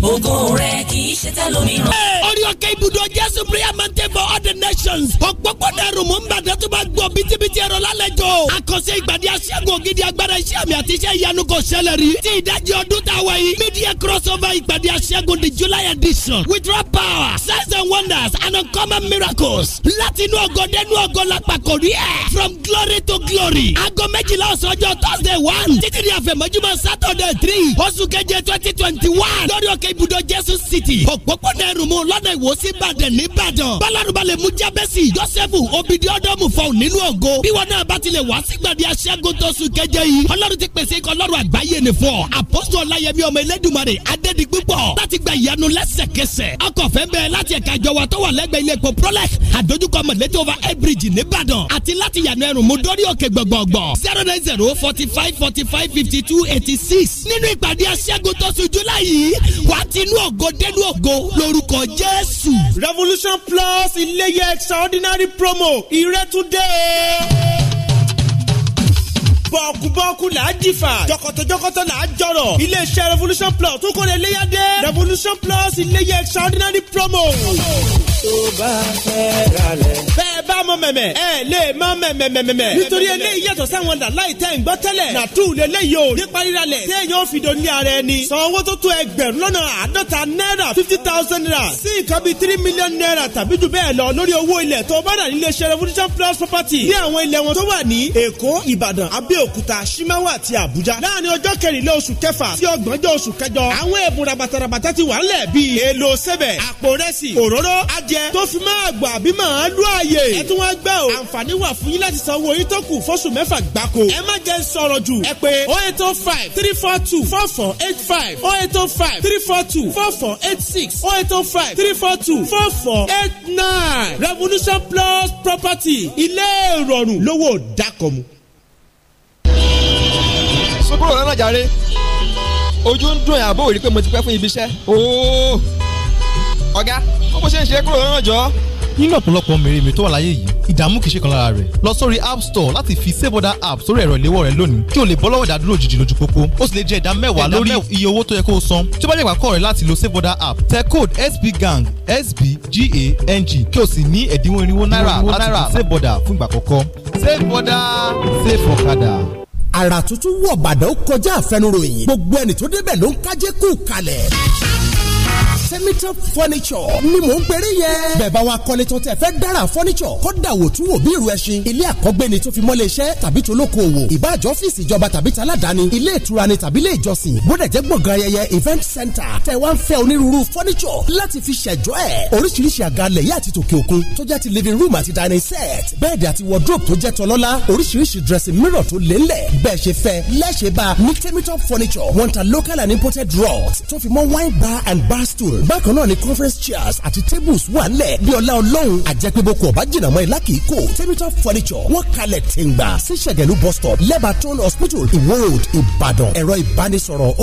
ògo rẹ kì í ṣe tẹlòmíràn. orí òkè ibùdó jésù prayer mountain for all the nations òpópónà rùmú nbàdàn tó bá gbọ́ bitibiti ẹ̀rọ lálejò àkọsí ìgbàdí aṣẹ́gun ògidì agbára iṣẹ́ mi àti iṣẹ́ ìyanu kò ṣẹlẹ̀ rí ti ìdajì ọdún tá a wà yìí media crossover ìgbàdí aṣẹ́gun the july edition Withdraw power signs and wonders and uncommon miracles látinú ọgọdẹnu ọgọ lápapọ̀ rí ẹ̀ from glory to glory aago méjìlá ọ̀sán ọjọ́ thursday one títí di àfẹ̀mọ́júmọ́ saturday three oṣù keje twenty twenty one lórí òkè ibùdó jésù city òpópónà ẹrùmú lọ́nà ìwòsí ìbàdàn nìbàdàn bálárùbalẹ̀ mú jábẹ́sì joseph obìdí ọ̀dọ́mù fọ̀hún nínú ògo bí wọn náà bá tilẹ̀ wá sígbàdí aṣẹ́gun tó oṣù keje yìí ọlọ́run ti pèsè ikọ̀ ọlọ́run àgbáyé ni fún ọ àpọ́sù ọláyẹmí ọmọ ẹlẹ́dùnmarè adédi púpọ̀ láti gba ìyanu lẹ́sẹ̀kẹsẹ̀ ọkọ̀ fẹ́ bẹ́ẹ̀ láti wa tó wà lẹ́gbẹ̀ẹ́ ilé epo prolec àdójúkọ mọ̀lẹ́tì over zero nine zero forty five forty five fifty two eighty six nínú ṣẹ́gun tó sùn júláì yìí wà ògo dénú ògo lórúkọ Jésù. Revolution Plus iléyẹ extraordinary promo ìrẹ́túndé bọ́ọ̀kú-bọ́ọ̀kú là á jìfà jọkọ̀tọ̀jọkọ̀tọ̀ là á jọ̀rọ̀ iléeṣẹ́ revolution plus tó kọ́ ni eléyàdé revolution plus iléyẹ extraordinary promo. Oh tó bá fẹ́ ra lẹ̀. bẹ́ẹ̀ bá mọ mẹ̀mẹ̀ ẹ lè má mẹ̀mẹ̀ mẹ̀mẹ̀. nítorí eléyìí yàtọ̀ sáwọn làláì tẹ̀ ń gbọ́ tẹ́lẹ̀. nàtú lélẹ́yìí o nípa ríra lẹ̀. tí èèyàn fi dòní ara ẹni. san owó tó tó ẹgbẹ̀rún lọ́nà àádọ́ta náírà fifty thousand naira sí nǹkan bíi three million naira tàbí jù bẹ́ẹ̀ lọ lórí owó ilẹ̀ tó bá rà nílé iṣẹ́ revolution plus property. ní àwọn ilẹ̀ wọn tó wà ní èkó ìbàdàn abẹ́òkúta simawa àti àbújá. láàárín ọjọ́ kẹrìnlá oṣù kẹfà sí ọgbọ̀njọ́ oṣù kẹjọ àwọn ẹ̀bùn rabatarabata ti wà ń lẹ̀ bíi èlò sẹ́bẹ̀ àpò jẹ tó fi máa gbà bí màá lú àyè ẹ tún wá gbẹ o àǹfààní wà fún yín láti san owó yín tó kù fóṣù mẹ́fà gbáko ẹ má jẹ́ sọ̀rọ̀ jù ẹ pé oh eight oh five three four two four four eight five oh eight oh five three four two four four eight six oh eight oh five three four two four four eight nine revolution plus property ilé ìrọ̀rùn lówó dákọ̀mu. sọ́kúrò lọ́nà jàre ojú ń dùn ẹ̀ àbó òrí pé mo ti pẹ́ fún ibi iṣẹ́ ọ̀gá bó ṣe ń ṣe kúrò lọ́nà jọ. nínú ọ̀pọ̀lọpọ̀ mèremè tó wà láyé yìí ìdààmú kìí ṣe kan lára rẹ̀ lọ sórí app store láti fi sébọ́dà app sórí ẹ̀rọ ìléwọ́ rẹ lónìí kí o lè bọ́ lọ́wọ́ ìdádúró òjijì lójú pópó ó sì lè jẹ́ ìdá mẹ́wàá lórí iye owó tó yẹ kó o san tí ó bá jẹ́ ìpàkọ́ rẹ láti lo sébọ́dà app tẹ code sbgang sbgang kí o sì ní ẹ̀dínwó irinwó náírà láti sébọ́dà fún ìgbà àkọ́kọ́ sébọ́dà sébọ́kadà àrà tuntun wọ̀ bàdàn kọjá àfẹnuròyìn gbogbo ẹni tó débẹ̀ ló ń kájé kú kalẹ̀ Semitop furniture ni mò ń pèrè yẹn. bẹ́ẹ̀ bá wa kọ́lé tó tẹ̀ fẹ́ dára furniture kódà wò tún wò bí irú ẹṣin ilé àkọ́gbé ni tó fi mọ́lé iṣẹ́ tàbí tolókoòwò ìbáàjọ́ ọ́fíìsì ìjọba tàbí taládàáni ilé ìtura ni tàbí ilé ìjọsìn bódà jẹ́ gbọ̀ngàn ayẹyẹ event center tẹ̀ wá ń fẹ́ onírúurú furniture láti fi ṣẹ̀jọ́ ẹ̀ oríṣiríṣi àga lẹ̀yẹ́ àti tòkè òkun tó jẹ́ ti living room àti dining set bẹ́ẹ̀dì àti wardrobe tó jẹ́ tọlọ́lá oríṣiríṣi dressing mirror tó lé ńlẹ̀ bẹ́ẹ̀ ṣe fẹ́ lẹ́ṣẹ̀ bá ní Temitop furniture wọ́n ta local and imported rugs tó fi mọ́ wine bar and bar stool bákan náà ni conference chairs àti tables wà lẹ̀ bí ọlá ọlọ́run àjẹpéboko ọ̀bá jìnnà mọ́ ilá kìí kò tẹ́bítọ́ furniture wọ́n kalẹ̀ tìǹgbà sí ṣẹ̀gẹ̀lú bus stop lebaton hospital iwo road ìbàdàn ẹ̀rọ ìbánisọ̀rọ̀ 08034730506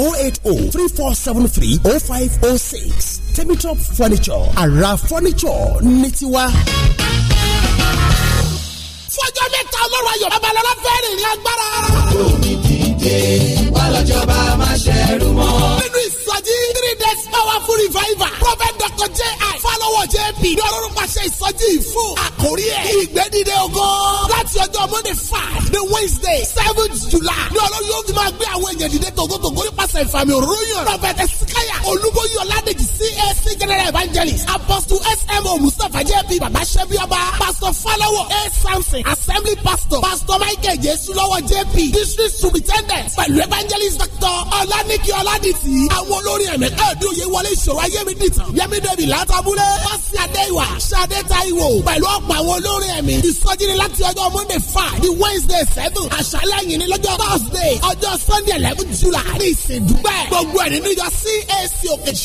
tẹ́bítọ́ furniture àrà furniture ní tiwa fọjọ́ mẹ́ta ọlọ́run ayọ̀ babalọ́lá fẹ́ẹ́ rìnrìn agbára. lórí dídé wá lọ́jọba máa ṣẹ́rú mọ́. nínú ìsọjí three days powerful revival prophet dr j i falowo jp ní ọlọ́run pàṣẹ ìsọjí ìfún àkórí ẹ̀ ìgbẹ́dídé ogo láti ọjọ́ monday five the wednesday seven july ní ọlọ́run yóò fi máa gbé àwọn èèyàn dìde tògótògó nípasẹ̀ ìfàmì òróyàn prophet Eskaya, olúbóyè ọ̀làdèjì cac general evangelist apostle smo mustapha jp baba sẹ́bíọ́ba pastor falowo a samson assembly pastor pastor michael jesu lọ́wọ́ jp district superintendent pẹ̀lú evangelist evangelist doctor ọlánìkí ọládìtì àwọn olórí ẹ̀mí ẹ̀ẹ́dùn yìí wọlé ìṣòro ayé mi dìtàn yẹmi david látàbúlé pásì adéwà sade taiwo pẹ̀lú ọ̀pọ̀ àwọn olórí ẹ̀mí ìsọjí ni láti ọjọ́ monday five di wednesday seven àṣálẹ́ yìí ni lọ́jọ́ thursday ọjọ́ sunday eleven july ní ìsìndúgbẹ́ gbogbo ẹ̀ nínú ìjọ cac òkè